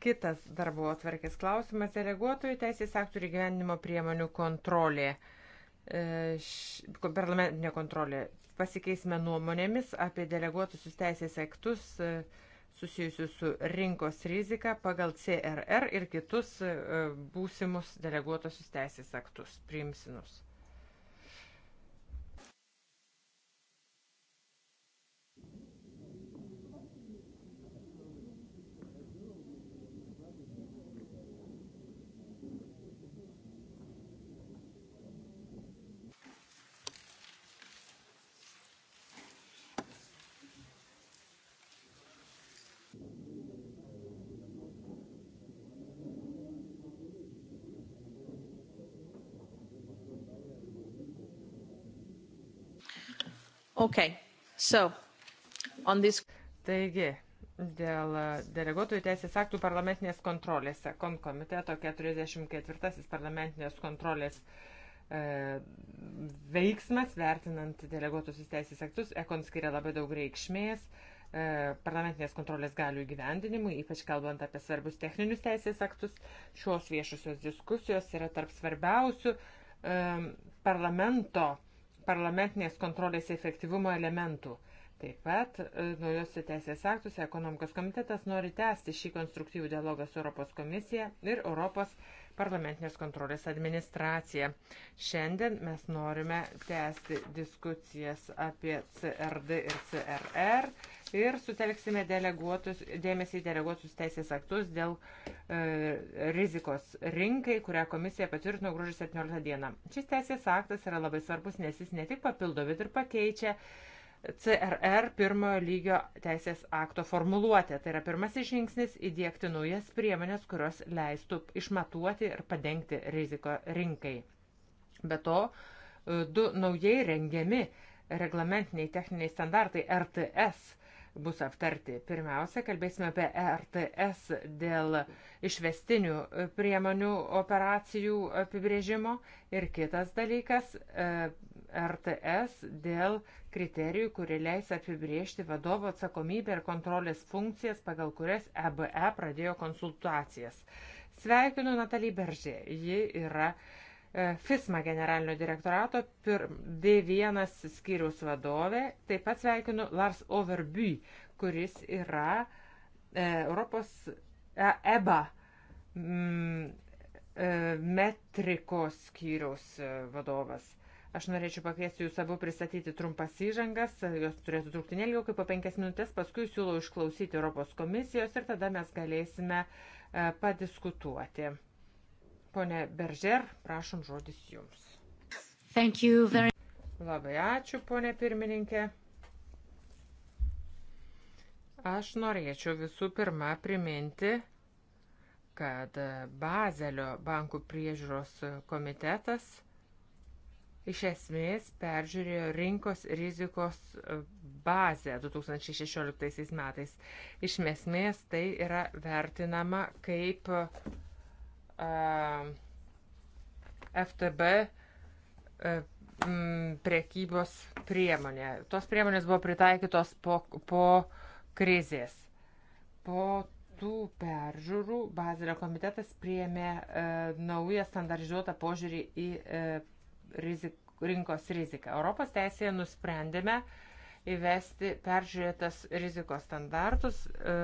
Kitas darbo atvarkės klausimas - deleguotojų teisės aktų įgyvendinimo priemonių kontrolė. E, parlamentinė kontrolė. Pasikeisime nuomonėmis apie deleguotusius teisės aktus e, susijusius su rinkos rizika pagal CRR ir kitus e, būsimus deleguotusius teisės aktus priimsinus. Okay. So, this... Taigi, dėl deleguotojų teisės aktų parlamentinės kontrolės, kom komiteto 44 parlamentinės kontrolės e, veiksmas, vertinant deleguotusius teisės aktus, ekon skiria labai daug reikšmės e, parlamentinės kontrolės galių įgyvendinimui, ypač kalbant apie svarbus techninius teisės aktus. Šios viešusios diskusijos yra tarp svarbiausių e, parlamento parlamentinės kontrolės efektyvumo elementų. Taip pat e, naujose teisės aktuose ekonomikos komitetas nori tęsti šį konstruktyvų dialogą su Europos komisija ir Europos parlamentinės kontrolės administracija. Šiandien mes norime tęsti diskusijas apie CRD ir CRR ir sutelksime dėmesį į deleguotus teisės aktus dėl e, rizikos rinkai, kurią komisija patvirtino gruodžio 17 dieną. Šis teisės aktas yra labai svarbus, nes jis ne tik papildo, bet ir pakeičia CRR pirmojo lygio teisės akto formuluotė. Tai yra pirmasis žingsnis įdėkti naujas priemonės, kurios leistų išmatuoti ir padengti riziko rinkai. Be to, e, du naujai rengiami reglamentiniai techniniai standartai RTS bus aptarti. Pirmiausia, kalbėsime apie ERTS dėl išvestinių e, priemonių operacijų apibrėžimo ir kitas dalykas e, e RTS dėl kriterijų, kurie leis apibriežti vadovo atsakomybę ir kontrolės funkcijas, pagal kurias EBE pradėjo konsultacijas. Sveikinu Natalį Beržė, ji yra uh, E, FISMA generalinio direktorato D1 skyriaus vadovė. Taip pat sveikinu Lars Overby, kuris yra e, Europos EBA e mm, metrikos skyriaus vadovas. Aš norėčiau pakviesti jūs abu pristatyti trumpas įžangas, jos turėtų trukti nelgiau kaip po penkias minutės, paskui siūlau išklausyti Europos komisijos ir tada mes galėsime padiskutuoti. Pone Beržer, prašom žodis jums. Very... Labai ačiū, ponė pirmininkė. Aš norėčiau visų pirma priminti, kad Bazelio bankų priežiūros komitetas iš esmės peržiūrėjo rinkos rizikos bazę 2016 metais. Iš esmės tai yra vertinama kaip uh, FTB priekybos priemonė. Tos priemonės buvo pritaikytos po, po krizės. Po tų peržiūrų Bazelio komitetas priėmė e, naują standartizuotą požiūrį į e, rizik, rinkos riziką. Europos teisėje nusprendėme įvesti peržiūrėtas rizikos standartus. E,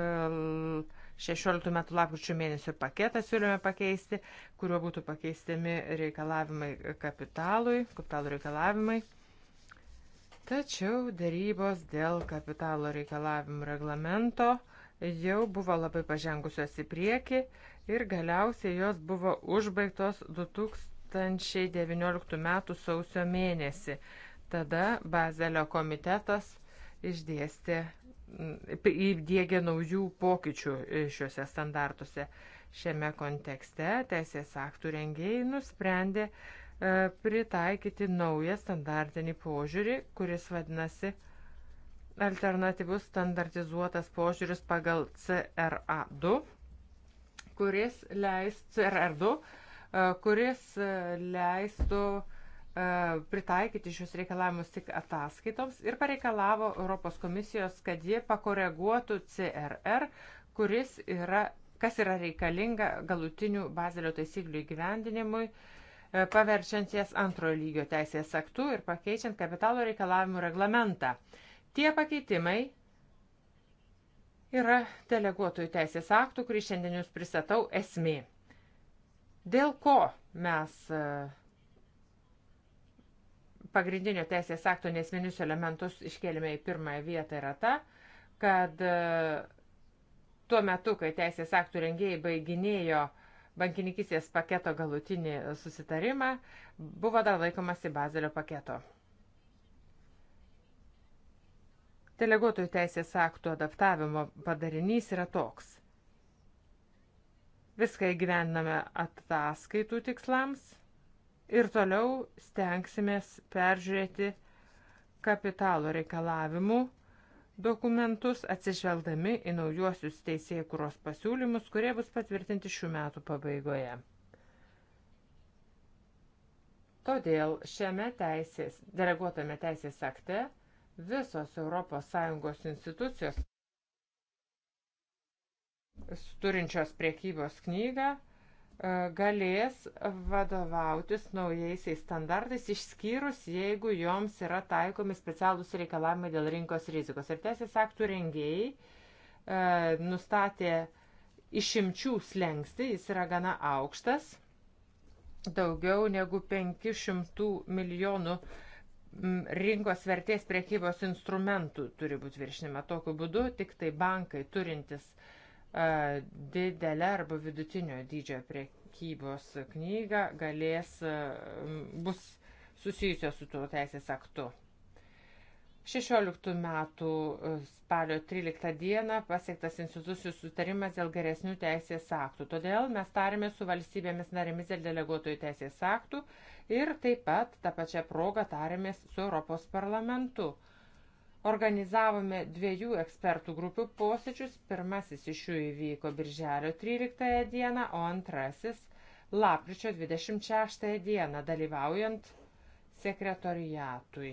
16 metų lapkričio mėnesio paketą siūlėme pakeisti, kuriuo būtų pakeistami reikalavimai kapitalui, kapitalo reikalavimai. Tačiau darybos dėl kapitalo reikalavimų reglamento jau buvo labai pažengusios į priekį ir galiausiai jos buvo užbaigtos 2019 m. sausio mėnesį. Tada Bazelio komitetas išdėstė įdėgė naujų pokyčių šiuose standartuose. Šiame kontekste teisės aktų rengėjai nusprendė e, pritaikyti naują standartinį požiūrį, kuris vadinasi alternatyvus standartizuotas požiūris pagal CRA2, kuris leis CRR2, e, kuris leistų E, pritaikyti šios reikalavimus tik ataskaitoms ir pareikalavo Europos komisijos, kad ji pakoreguotų CRR, kuris yra, kas yra reikalinga galutinių bazelio taisyklių įgyvendinimui, e, paverčiant jas antrojo lygio teisės aktų ir pakeičiant kapitalo reikalavimų reglamentą. Tie pakeitimai yra deleguotojų teisės aktų, kurį šiandien jūs pristatau esmė. Dėl ko mes uh, pagrindinio teisės akto nesminius elementus iškėlėme į pirmąją vietą yra ta, kad e, tuo metu, kai teisės aktų rengėjai baiginėjo bankininkysės paketo galutinį susitarimą, buvo dar laikomasi bazelio paketo. Deleguotojų teisės aktų adaptavimo padarinys yra toks. Viską įgyvendiname ataskaitų tikslams Ir toliau stengsimės peržiūrėti kapitalo reikalavimų dokumentus atsižvelgdami į naujuosius teisėjų kuros pasiūlymus, kurie bus patvirtinti šių metų pabaigoje. Todėl šiame teisės, deleguotame teisės akte visos ES institucijos turinčios priekybos knygą E, galės vadovautis naujaisiais standartais, išskyrus, jeigu joms yra taikomi specialūs reikalavimai dėl rinkos rizikos. Ir teisės aktų rengėjai e, nustatė išimčių slengsti, jis yra gana aukštas, daugiau negu 500 milijonų rinkos vertės priekybos instrumentų turi būti viršinima. Tokiu būdu tik tai bankai turintis uh, didelę arba vidutinio dydžio prekybos knygą galės, bus susijusios su tuo teisės aktu. 16 metų spalio 13 dieną pasiektas institucijų sutarimas dėl geresnių teisės aktų. Todėl mes tarėme su valstybėmis narėmis dėl deleguotojų teisės aktų ir taip pat tą pačią progą tarėmės su Europos parlamentu. Organizavome dviejų ekspertų grupių posėdžius. Pirmasis iš jų įvyko birželio 13 dieną, o antrasis lapkričio 26 dieną dalyvaujant sekretoriatui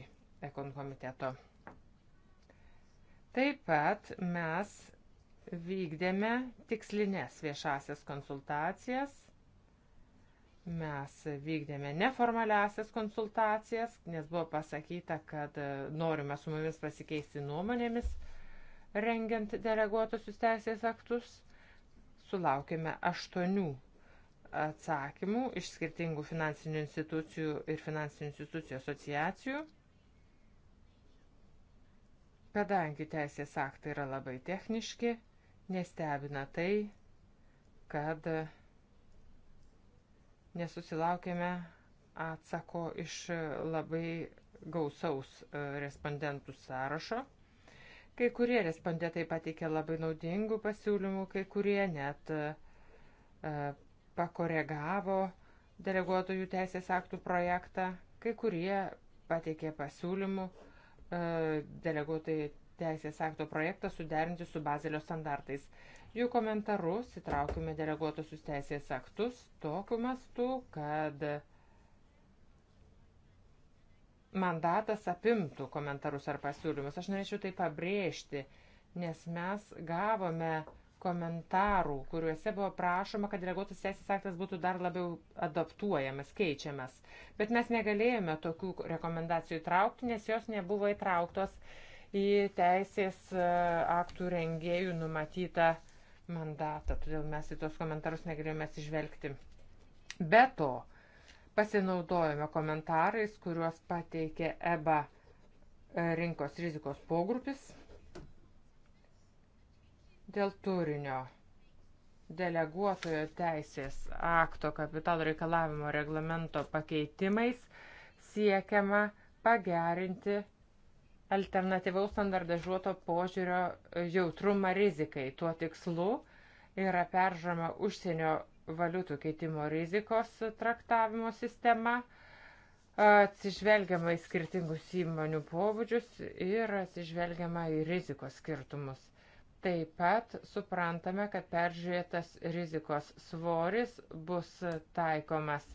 ekonkomiteto. Taip pat mes vykdėme tikslinės viešasias konsultacijas Mes vykdėme neformaliasias konsultacijas, nes buvo pasakyta, kad e, norime su mumis pasikeisti nuomonėmis, rengiant deleguotusius teisės aktus. Sulaukėme aštuonių atsakymų iš skirtingų finansinių institucijų ir finansinių institucijų asociacijų. Kadangi teisės aktai yra labai techniški, nestebina tai, kad nesusilaukėme atsako iš labai gausaus e, respondentų sąrašo. Kai kurie respondentai pateikė labai naudingų pasiūlymų, kai kurie net e, e, pakoregavo deleguotojų teisės aktų projektą, kai kurie pateikė pasiūlymų deleguotojai teisės akto projektą suderinti su Bazelio standartais jų komentarus, įtraukime deleguotusius teisės aktus tokiu mastu, kad mandatas apimtų komentarus ar pasiūlymus. Aš norėčiau tai pabrėžti, nes mes gavome komentarų, kuriuose buvo prašoma, kad reaguotas teisės aktas būtų dar labiau adaptuojamas, keičiamas. Bet mes negalėjome tokių rekomendacijų įtraukti, nes jos nebuvo įtrauktos į teisės e, aktų rengėjų numatytą mandatą, todėl mes į tos komentarus negalėjome atsižvelgti. Be to, pasinaudojome komentarais, kuriuos pateikė EBA rinkos rizikos pogrupis dėl turinio deleguotojo teisės akto kapitalo reikalavimo reglamento pakeitimais siekiama pagerinti alternatyvaus standardizuoto požiūrio jautrumą rizikai. Tuo tikslu yra peržiūrama užsienio valiutų keitimo rizikos traktavimo sistema, atsižvelgiama į skirtingus įmonių pobūdžius ir atsižvelgiama į rizikos skirtumus. Taip pat suprantame, kad peržiūrėtas rizikos svoris bus taikomas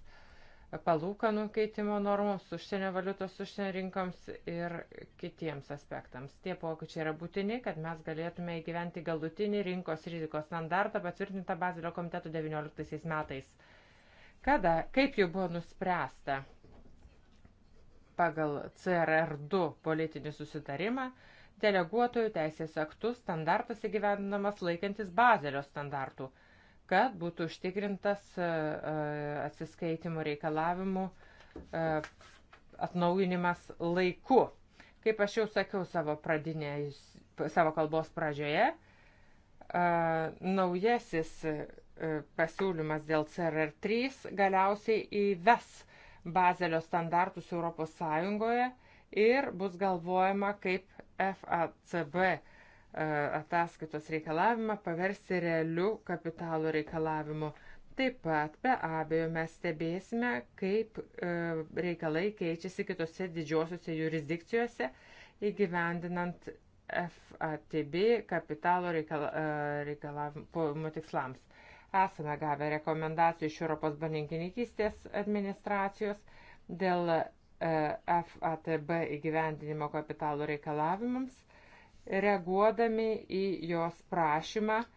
palūkanų keitimo normoms, užsienio valiutos užsienio rinkoms ir kitiems aspektams. Tie pokyčiai yra būtini, kad mes galėtume įgyventi galutinį rinkos rizikos standartą patvirtintą Bazilio komitetų 19 metais. Kada, kaip jau buvo nuspręsta pagal CRR2 politinį susitarimą, deleguotojų teisės aktų standartas įgyvendinamas laikantis Bazelio standartų – kad būtų užtikrintas e, e, atsiskaitimų reikalavimų e, atnaujinimas laiku. Kaip aš jau sakiau savo, pradinė, savo kalbos pradžioje, naujasis pasiūlymas dėl CRR3 galiausiai įves bazelio standartus ES ir bus galvojama, kaip FACB E, ataskaitos reikalavimą paversti realiu kapitalo reikalavimu. Taip pat be abejo mes stebėsime, kaip e, reikalai keičiasi kitose didžiosiuose jurisdikcijose įgyvendinant FATB kapitalo e, reikalavimo tikslams. Esame gavę rekomendacijų iš Europos bankininkystės administracijos dėl FATB įgyvendinimo kapitalo reikalavimams reaguodami į jos prašymą e,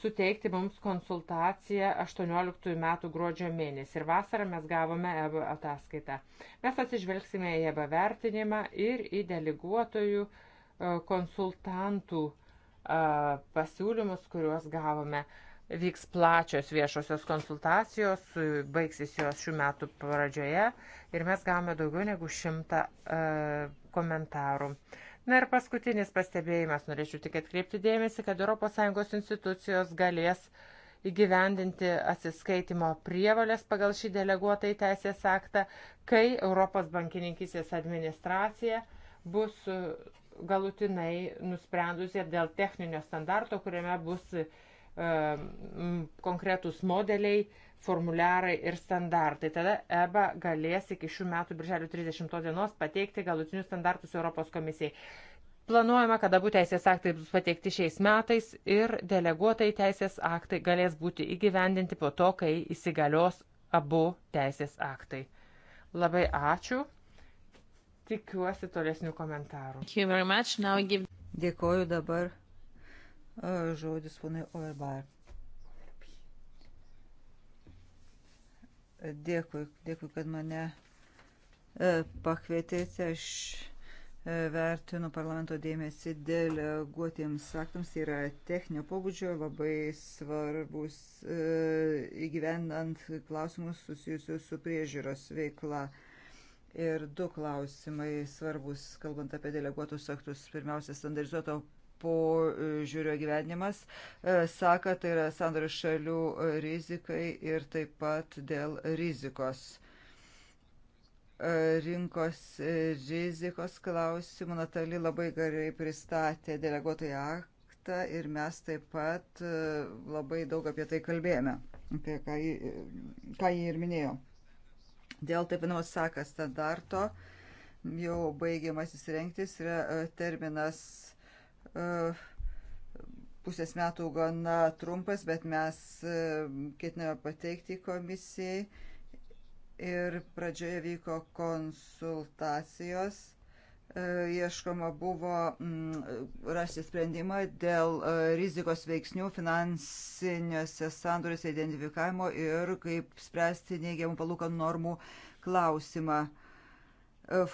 suteikti mums konsultaciją 18 metų gruodžio mėnesį. Ir vasarą mes gavome EBA ataskaitą. Mes atsižvelgsime į EBA vertinimą ir į deleguotojų e, konsultantų e, pasiūlymus, kuriuos gavome. Vyks plačios viešosios konsultacijos, baigsis jos šių metų pradžioje ir mes gavome daugiau negu šimtą komentarų. Uh, Na ir paskutinis pastebėjimas, norėčiau tik atkreipti dėmesį, kad ES institucijos galės įgyvendinti atsiskaitimo prievalės pagal šį deleguotą į teisės aktą, kai Europos bankininkysės administracija bus e, galutinai nusprendusi dėl techninio standarto, kuriame bus um, konkretūs modeliai formularai ir standartai. Tada EBA galės iki šių metų birželio 30 dienos pateikti galutinius standartus Europos komisijai. Planuojama, kad abu teisės aktai bus pateikti šiais metais ir deleguotai teisės aktai galės būti įgyvendinti po to, kai įsigalios abu teisės aktai. Labai ačiū. Tikiuosi tolesnių komentarų. Give... Dėkoju dabar žodis ponai Oerbar. Dėkui, dėkui, kad mane e, pakvietėte. Aš e, vertinu parlamento dėmesį deleguotiems aktams. Tai yra techninio pobūdžio, labai svarbus e, įgyvendant klausimus susijusius su priežiūros veikla. Ir du klausimai svarbus, kalbant apie deleguotus aktus. Pirmiausia, standarizuoto požiūrio gyvenimas, e, saka, tai yra sandario šalių rizikai ir taip pat dėl rizikos e, rinkos rizikos klausimų. Natali labai gerai pristatė deleguotojų aktą ir mes taip pat e, labai daug apie tai kalbėjome, apie ką jį, ką jį ir minėjo. Dėl taip vienos sakas standarto jau baigiamas įsirengtis yra terminas E, pusės metų gana trumpas, bet mes e, ketiname pateikti komisijai ir pradžioje vyko konsultacijos. E, ieškoma buvo mm, rasti sprendimą dėl rizikos veiksnių finansiniuose sandoriuose identifikavimo ir kaip spręsti neigiamų palūkanų normų klausimą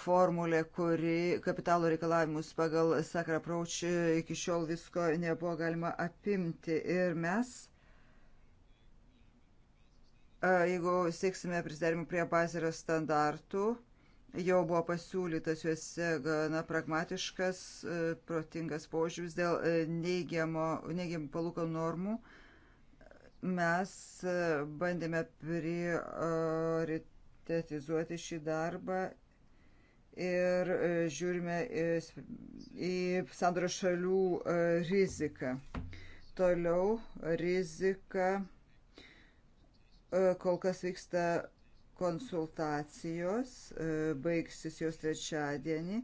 formulė, kuri kapitalo reikalavimus pagal Sakra Prauč e, iki šiol visko nebuvo galima apimti. Ir mes, e, jeigu sieksime prisidarimų prie bazerio standartų, jau buvo pasiūlytas juose gana pragmatiškas, e, protingas požiūris dėl neigiamo, neigiamų palūkanų normų. Mes bandėme prioritizuoti šį darbą ir e, žiūrime e, į sandorio šalių e, riziką. Toliau rizika kol kas vyksta konsultacijos, baigsis jos trečiadienį.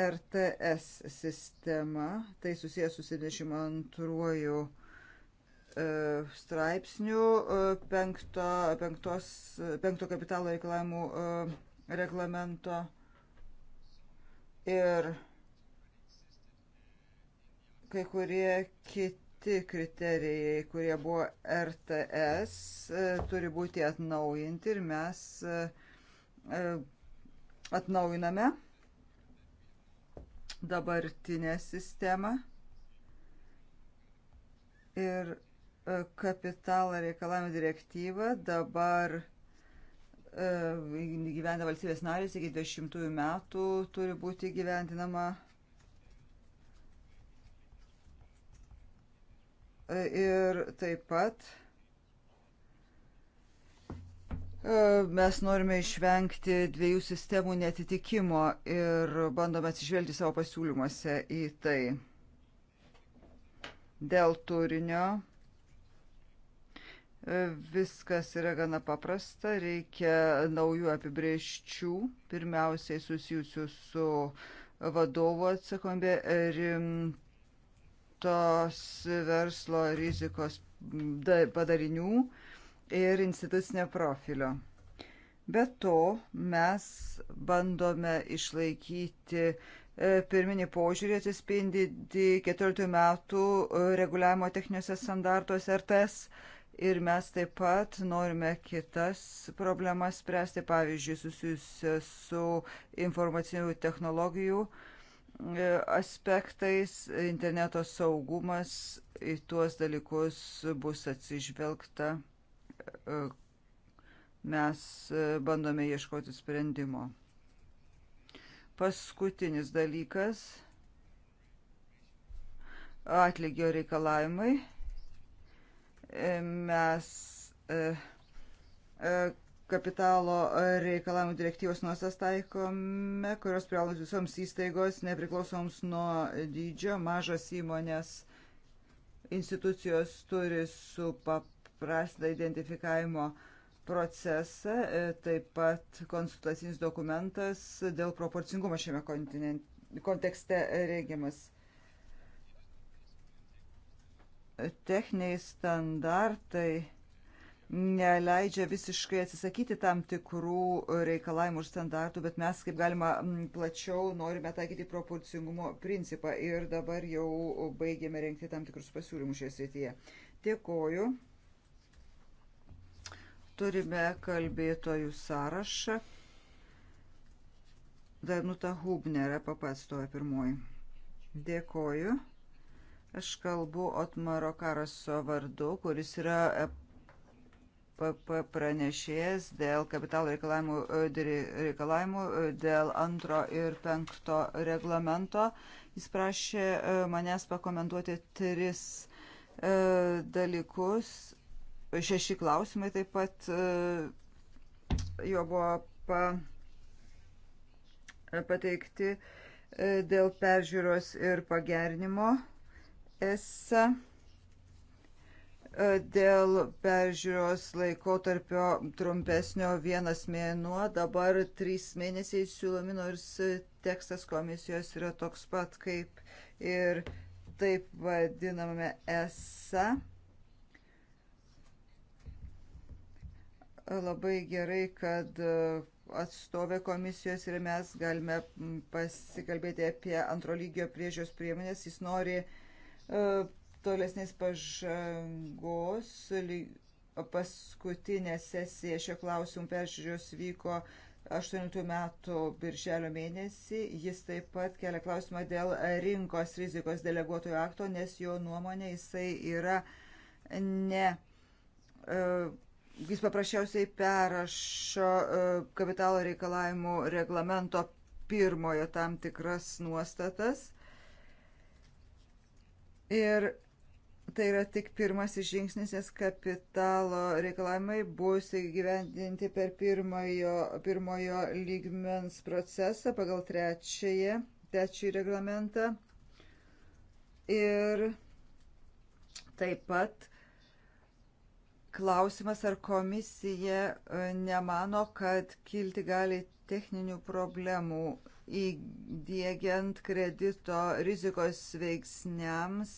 RTS sistema, tai susijęs su 72 straipsnių, penkto, penktos, penkto kapitalo reikalavimų reglamento ir kai kurie kiti kriterijai, kurie buvo RTS, e, turi būti atnaujinti ir mes e, e, atnaujiname dabartinę sistemą ir kapitalą reikalavimą direktyvą dabar atnaujiname E, gyvena valstybės narės iki 20 metų turi būti gyvendinama. E, ir taip pat e, mes norime išvengti dviejų sistemų netitikimo ir bandome atsižvelgti savo pasiūlymuose į tai. Dėl turinio Viskas yra gana paprasta, reikia naujų apibrieščių, pirmiausiai susijusių su vadovo atsakomybė, rimtos verslo rizikos padarinių ir institucinio profilio. Be to, mes bandome išlaikyti e, pirminį požiūrį atsispindinti 14 metų e, reguliavimo techniniuose standartuose RTS Ir mes taip pat norime kitas problemas spręsti, pavyzdžiui, susijusias su informacinių technologijų e, aspektais, interneto saugumas, į tuos dalykus bus atsižvelgta. E, mes e, bandome ieškoti sprendimo. Paskutinis dalykas - atlygio reikalavimai mes e, e, kapitalo reikalavimų direktyvos nuostas taikome, kurios privalos visoms įstaigos, nepriklausoms nuo dydžio, mažos įmonės institucijos turi supaprastą identifikavimo procesą, e, taip pat konsultacinis dokumentas dėl proporcingumo šiame kontekste reigiamas techniniai standartai neleidžia visiškai atsisakyti tam tikrų reikalavimų ir standartų, bet mes kaip galima plačiau norime taikyti proporcingumo principą ir dabar jau baigėme renkti tam tikrus pasiūlymus šioje srityje. Dėkoju. Turime kalbėtojų sąrašą. Danuta Hubnerė papastoja pirmoji. Dėkoju. Aš kalbu Otmaro Karaso vardu, kuris yra PP pranešėjas dėl kapitalo reikalavimų, e, reikalavimų, e, dėl antro ir penkto reglamento. Jis prašė e, manęs pakomentuoti tris dalykus. Šeši klausimai taip pat jo buvo pa, pateikti dėl peržiūros ir pagernimo ESA dėl peržiūros laikotarpio trumpesnio vienas mėnuo, dabar trys mėnesiai siūlomi, nors tekstas komisijos yra toks pat kaip ir taip vadinamame ESA. Labai gerai, kad atstovė komisijos ir mes galime pasikalbėti apie antro lygio priežios priemonės. Jis nori uh, E, tolesnės pažangos. Paskutinė sesija šio klausimų peržiūrėjos vyko 8 metų birželio mėnesį. Jis taip pat kelia klausimą dėl rinkos rizikos deleguotojų akto, nes jo nuomonė jisai yra ne. E, jis paprasčiausiai perrašo e, kapitalo reikalavimų reglamento pirmojo tam tikras nuostatas Ir tai yra tik pirmasis žingsnis, nes kapitalo reikalavimai bus įgyvendinti per pirmojo, pirmojo lygmens procesą pagal trečiąją, trečiąjį reglamentą. Ir taip pat klausimas, ar komisija e, nemano, kad kilti gali techninių problemų įdėgiant kredito rizikos veiksniams.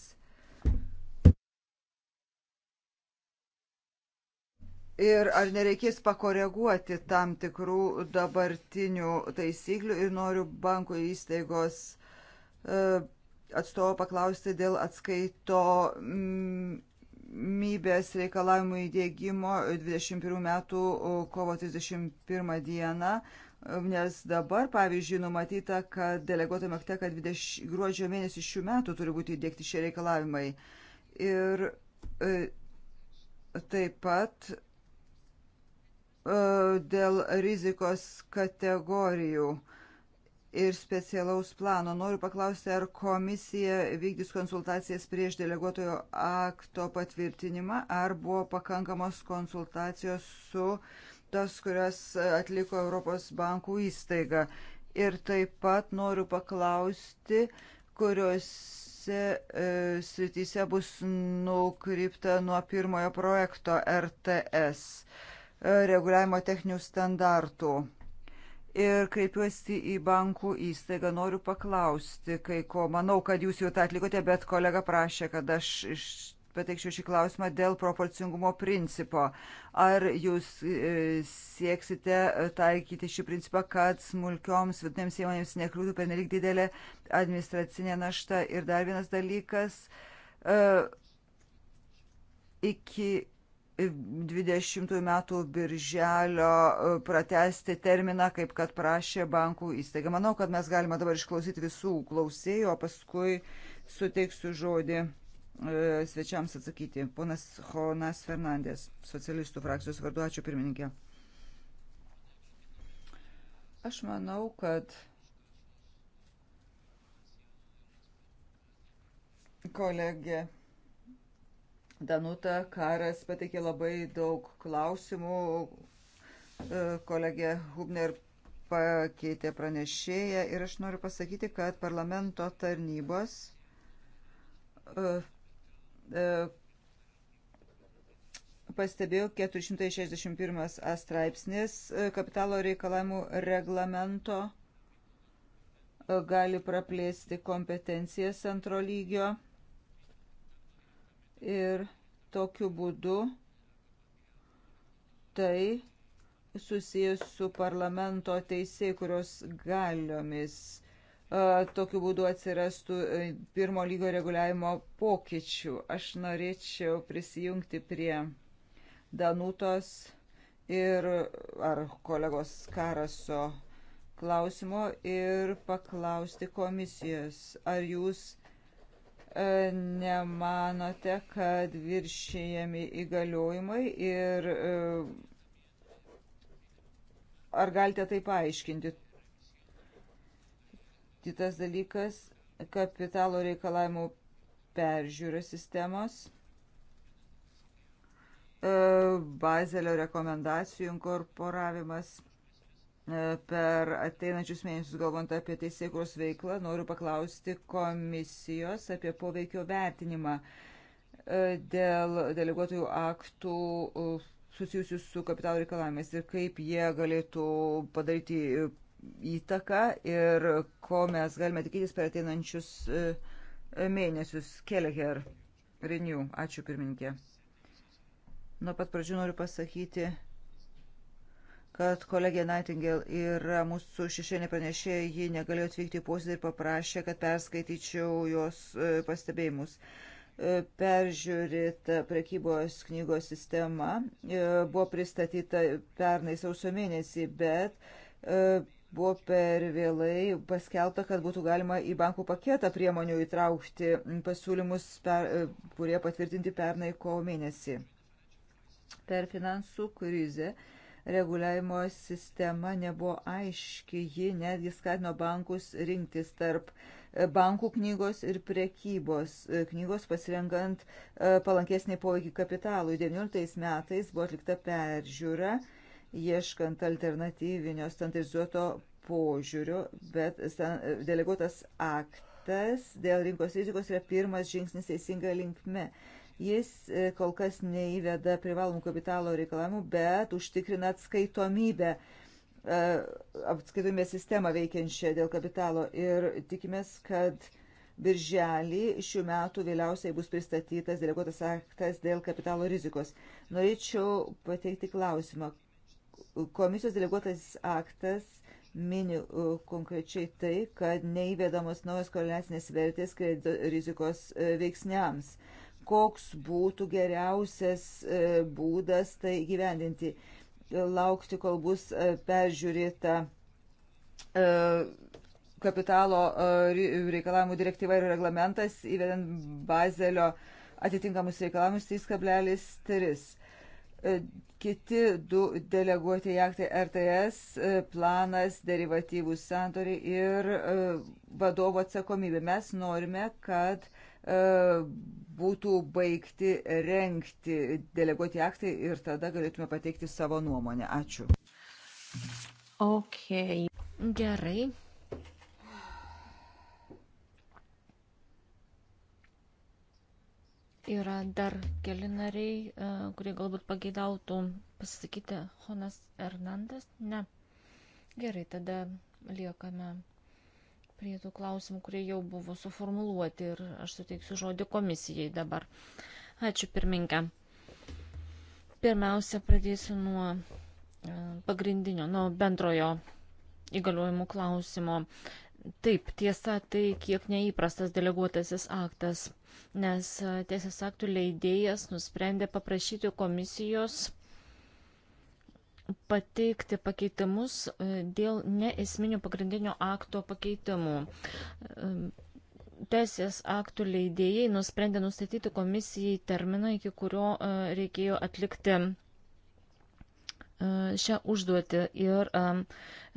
Ir ar nereikės pakoreguoti tam tikrų dabartinių taisyklių ir noriu banko įstaigos e, atstovo paklausti dėl atskaito mybės reikalavimų įdėgymo 21 metų e, kovo 31 dieną nes dabar, pavyzdžiui, numatyta, kad deleguotame akte, kad 20, gruodžio mėnesį šių metų turi būti įdėkti šie reikalavimai. Ir e, taip pat e, dėl rizikos kategorijų ir specialaus plano. Noriu paklausti, ar komisija vykdys konsultacijas prieš deleguotojo akto patvirtinimą, ar buvo pakankamos konsultacijos su uh, tas, kurias e, atliko Europos bankų įstaiga. Ir taip pat noriu paklausti, kuriuose e, srityse bus nukrypta nuo pirmojo projekto RTS e, reguliavimo techninių standartų. Ir kreipiuosi į bankų įstaigą, noriu paklausti kai ko. Manau, kad jūs jau tą atlikote, bet kolega prašė, kad aš iš pateikčiau šį klausimą dėl proporcingumo principo. Ar jūs e, sieksite e, taikyti šį principą, kad smulkioms vidinėms įmonėms nekliūtų pernelyg didelė administracinė našta? Ir dar vienas dalykas, e, iki 20 metų birželio pratesti terminą, kaip kad prašė bankų įstaiga. Manau, kad mes galime dabar išklausyti visų klausėjų, o paskui suteiksiu žodį E, svečiams atsakyti. Ponas Jonas Fernandės, socialistų frakcijos vardu, ačiū pirmininkė. Aš manau, kad kolegė Danuta Karas pateikė labai daug klausimų. E, kolegė Hubner pakeitė pranešėją ir aš noriu pasakyti, kad parlamento tarnybos e, E, pastebėjau 461 A straipsnis e, kapitalo reikalavimų reglamento e, gali praplėsti kompetencijas antro lygio ir tokiu būdu tai susijęs su parlamento teisėjai, kurios galiomis tokiu būdu atsirastų e, pirmo lygo reguliavimo pokyčių. Aš norėčiau prisijungti prie Danutos ir ar kolegos Karaso klausimo ir paklausti komisijos, ar jūs e, nemanote, kad viršėjami įgaliojimai ir e, ar galite tai paaiškinti? Kitas dalykas - kapitalo reikalavimų peržiūra sistemos. E, Bazelio rekomendacijų inkorporavimas e, per ateinančius mėnesius, galvant apie teisėkos veiklą, noriu paklausti komisijos apie poveikio vertinimą e, dėl deleguotojų aktų susijusių su kapitalo reikalavimais ir kaip jie galėtų padaryti įtaką ir ko mes galime tikėtis per ateinančius e, mėnesius. Keleher, Renew, ačiū pirmininkė. Nuo pat pradžių noriu pasakyti, kad kolegė Nightingale yra mūsų šešėlė pranešėja, ji negalėjo atvykti į posėdį ir paprašė, kad perskaityčiau jos e, pastebėjimus e, peržiūrėta prekybos knygos sistema buvo pristatyta pernai sausio mėnesį, bet buvo per vėlai paskelbta, kad būtų galima į bankų paketą priemonių įtraukti pasiūlymus, per, kurie patvirtinti pernai kovo mėnesį. Per finansų krizę reguliavimo sistema nebuvo aiški, ji netgi skatino bankus rinktis tarp e, bankų knygos ir prekybos e, knygos pasirengant e, palankesnį poveikį kapitalui. 19 metais buvo atlikta peržiūra ieškant alternatyvinio standartizuoto požiūrio, bet deleguotas aktas dėl rinkos rizikos yra pirmas žingsnis teisinga linkme. Jis e, kol kas neįveda privalomų kapitalo reikalavimų, bet užtikrina atskaitomybę e, apskaitomybės sistemą veikiančią dėl kapitalo ir tikimės, kad birželį šių metų vėliausiai bus pristatytas deleguotas aktas dėl kapitalo rizikos. Norėčiau pateikti klausimą, Komisijos deleguotas aktas mini konkrečiai tai, kad neįvedamos naujos koreliacinės vertės kredito rizikos e, veiksniams. Koks būtų geriausias e, būdas tai gyvendinti? Laukti, kol bus e, peržiūrėta kapitalo reikalavimų direktyva ir reglamentas, įvedant bazelio atitinkamus reikalavimus 3,3 E, kiti du deleguoti aktai RTS, e, planas, derivatyvų santoriai ir e, vadovo atsakomybė. Mes norime, kad būtų baigti renkti deleguoti aktai ir tada galėtume pateikti savo nuomonę. Ačiū. Okay. Gerai. Yra dar keli nariai, e, kurie galbūt pageidautų pasisakyti Jonas Hernandas. Ne. Gerai, tada liekame prie tų klausimų, kurie jau buvo suformuluoti ir aš suteiksiu žodį komisijai dabar. Ačiū pirminkę. Pirmiausia, pradėsiu nuo e, pagrindinio, nuo bendrojo įgaliojimų klausimo. Taip, tiesa, tai kiek neįprastas deleguotasis aktas, nes e, teisės aktų leidėjas nusprendė paprašyti komisijos pateikti pakeitimus e, dėl neesminio pagrindinio akto pakeitimų. E, teisės aktų leidėjai nusprendė nustatyti komisijai terminą, iki kurio reikėjo atlikti E, šią užduotį ir e,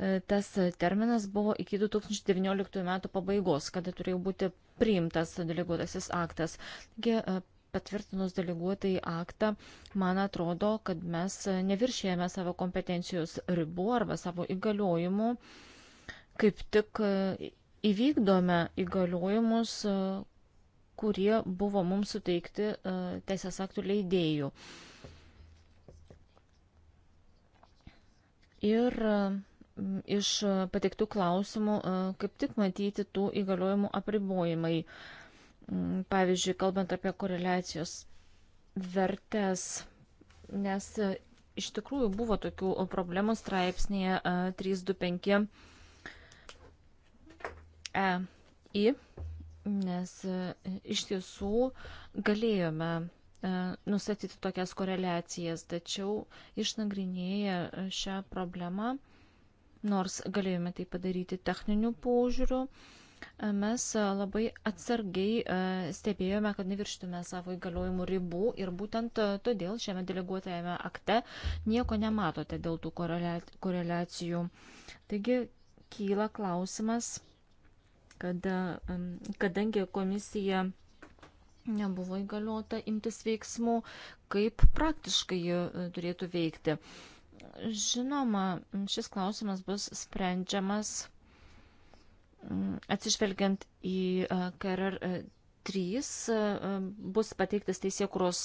e, tas terminas buvo iki 2019 metų pabaigos, kada turėjo būti priimtas deleguotasis aktas. Taigi, patvirtinus deleguotai aktą, man atrodo, kad mes neviršėjame savo kompetencijos ribų arba savo įgaliojimų, kaip tik įvykdome įgaliojimus, kurie buvo mums suteikti teisės aktų leidėjų. Uh, Ir iš pateiktų klausimų e, kaip tik matyti tų įgaliojimų apribojimai. Mm, pavyzdžiui, kalbant apie koreliacijos vertės, nes e, iš tikrųjų buvo tokių problemų straipsnėje 325 e, EI, nes iš tiesų galėjome E, nustatyti tokias koreliacijas, tačiau išnagrinėję e, šią problemą, nors galėjome tai padaryti techniniu požiūriu, e, mes labai atsargiai stebėjome, kad nevirštume savo įgaliojimų ribų ir būtent todėl šiame deleguotajame akte nieko nematote dėl tų koreliacijų. Taigi kyla klausimas, kad, kadangi komisija nebuvo įgaliota imtis veiksmų, kaip praktiškai ji e, turėtų veikti. Žinoma, šis klausimas bus sprendžiamas atsižvelgiant į e, KRR 3, e, bus pateiktas teisėkuros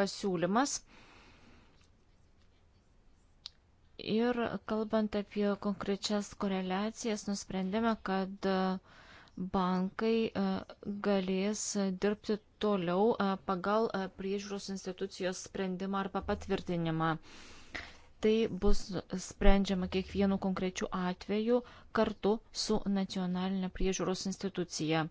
pasiūlymas. Ir kalbant apie konkrečias koreliacijas, nusprendėme, kad bankai galės dirbti toliau e, pagal e, priežiūros institucijos sprendimą arba patvirtinimą. Tai bus sprendžiama kiekvienu konkrečiu atveju kartu su nacionalinė priežiūros institucija.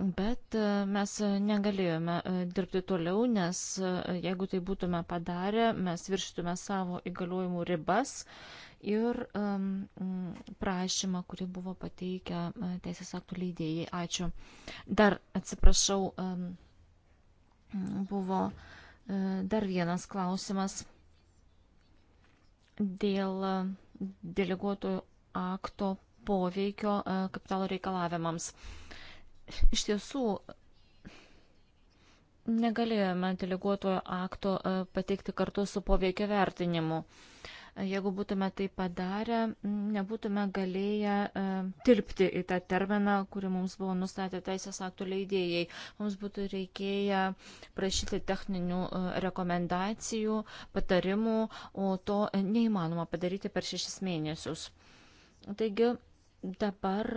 Bet e, mes negalėjome e, dirbti toliau, nes e, jeigu tai būtume padarę, mes viršytume savo įgaliojimų ribas ir um, prašymą, kurį buvo pateikę teisės aktų leidėjai. Ačiū. Dar atsiprašau, um, buvo uh, dar vienas klausimas dėl deleguotojų akto poveikio uh, kapitalo reikalavimams. Uh, Iš tiesų, negalėjome deleguotojo akto e, pateikti kartu su poveikio vertinimu. E, jeigu būtume tai padarę, nebūtume galėję e, tilpti į tą terminą, kurį mums buvo nustatę teisės aktų leidėjai. Mums būtų reikėję prašyti techninių rekomendacijų, patarimų, o to neįmanoma padaryti per šešis mėnesius. Taigi dabar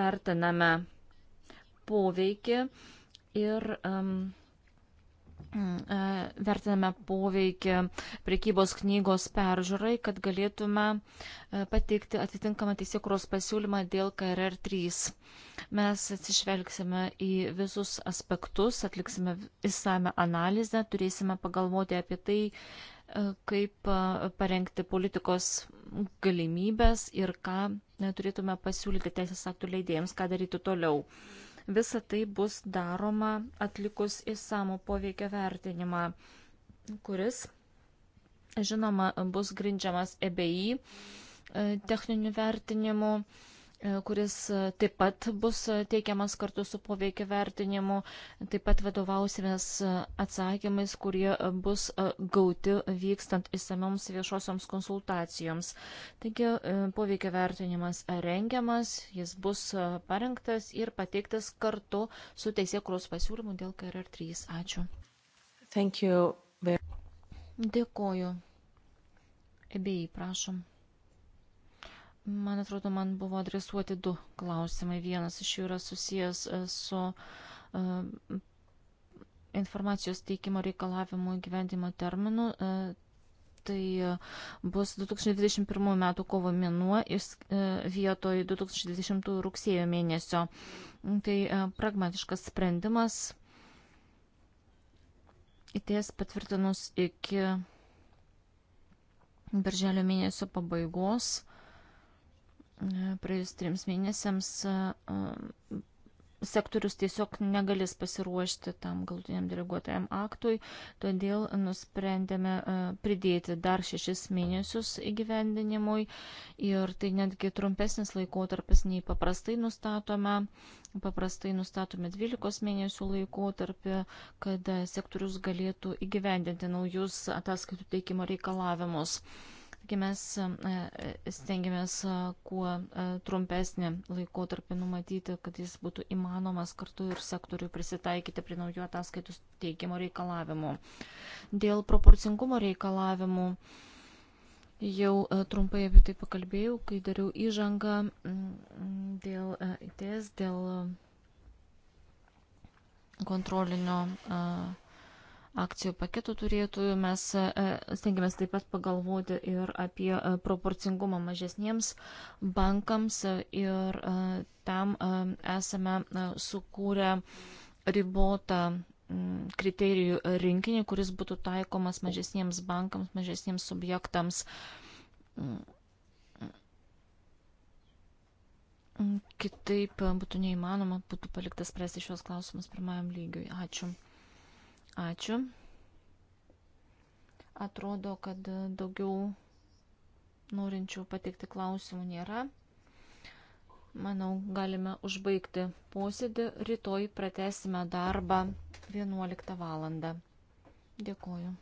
vertiname poveikį ir um, e, vertiname poveikį prekybos knygos peržiūrai, kad galėtume e, pateikti atitinkamą teisėkuros pasiūlymą dėl KRR3. Mes atsižvelgsime į visus aspektus, atliksime įsame analizę, turėsime pagalvoti apie tai, e, kaip parengti politikos galimybės ir ką turėtume pasiūlyti teisės aktų leidėjams, ką daryti toliau. Visa tai bus daroma atlikus įsamų poveikio vertinimą, kuris, žinoma, bus grindžiamas EBI e, techniniu vertinimu E, kuris e, taip pat bus e, teikiamas kartu su poveikio vertinimu. Taip pat vadovausimės atsakymais, kurie bus gauti vykstant įsamioms viešosioms konsultacijoms. Taigi poveikio vertinimas rengiamas, jis bus parengtas ir pateiktas kartu su teisėkros pasiūlymu dėl KRR3. Ačiū. Thank you. Dėkoju. Ebei, prašom. Man atrodo, man buvo adresuoti du klausimai. Vienas iš jų yra susijęs e, su uh, informacijos teikimo reikalavimų gyvendimo terminu. Uh, tai bus 2021 m. kovo mėnuo vietoj 2020 rugsėjo mėnesio. Tai pragmatiškas sprendimas įties patvirtinus iki birželio mėnesio pabaigos praėjus trims mėnesiams sektorius tiesiog negalės pasiruošti tam galutiniam deleguotajam aktui, todėl nusprendėme pridėti dar šešis mėnesius įgyvendinimui ir tai netgi trumpesnis laikotarpis nei paprastai nustatome. Paprastai nustatome 12 mėnesių laikotarpį, kad sektorius galėtų įgyvendinti naujus ataskaitų teikimo reikalavimus. Taigi mes e, e, stengiamės e, kuo trumpesnį laikotarpį numatyti, kad jis būtų įmanomas kartu ir sektoriui prisitaikyti prie naujų ataskaitų teikimo reikalavimų. Dėl proporcingumo reikalavimų jau trumpai apie tai pakalbėjau, kai dariau įžangą mm, dėl ITS, dėl kontrolinio. Uh, akcijų paketų turėtų. Mes e, stengiamės taip pat pagalvoti ir apie e, proporcingumą mažesniems bankams ir e, tam esame sukūrę ribotą kriterijų rinkinį, kuris būtų taikomas mažesniems bankams, mažesniems subjektams. Kitaip būtų neįmanoma, būtų paliktas spręsti šios klausimus pirmajam lygiui. Ačiū. Ačiū. Atrodo, kad daugiau norinčių patikti klausimų nėra. Manau, galime užbaigti posėdį. Rytoj pratesime darbą 11 val. Dėkuoju.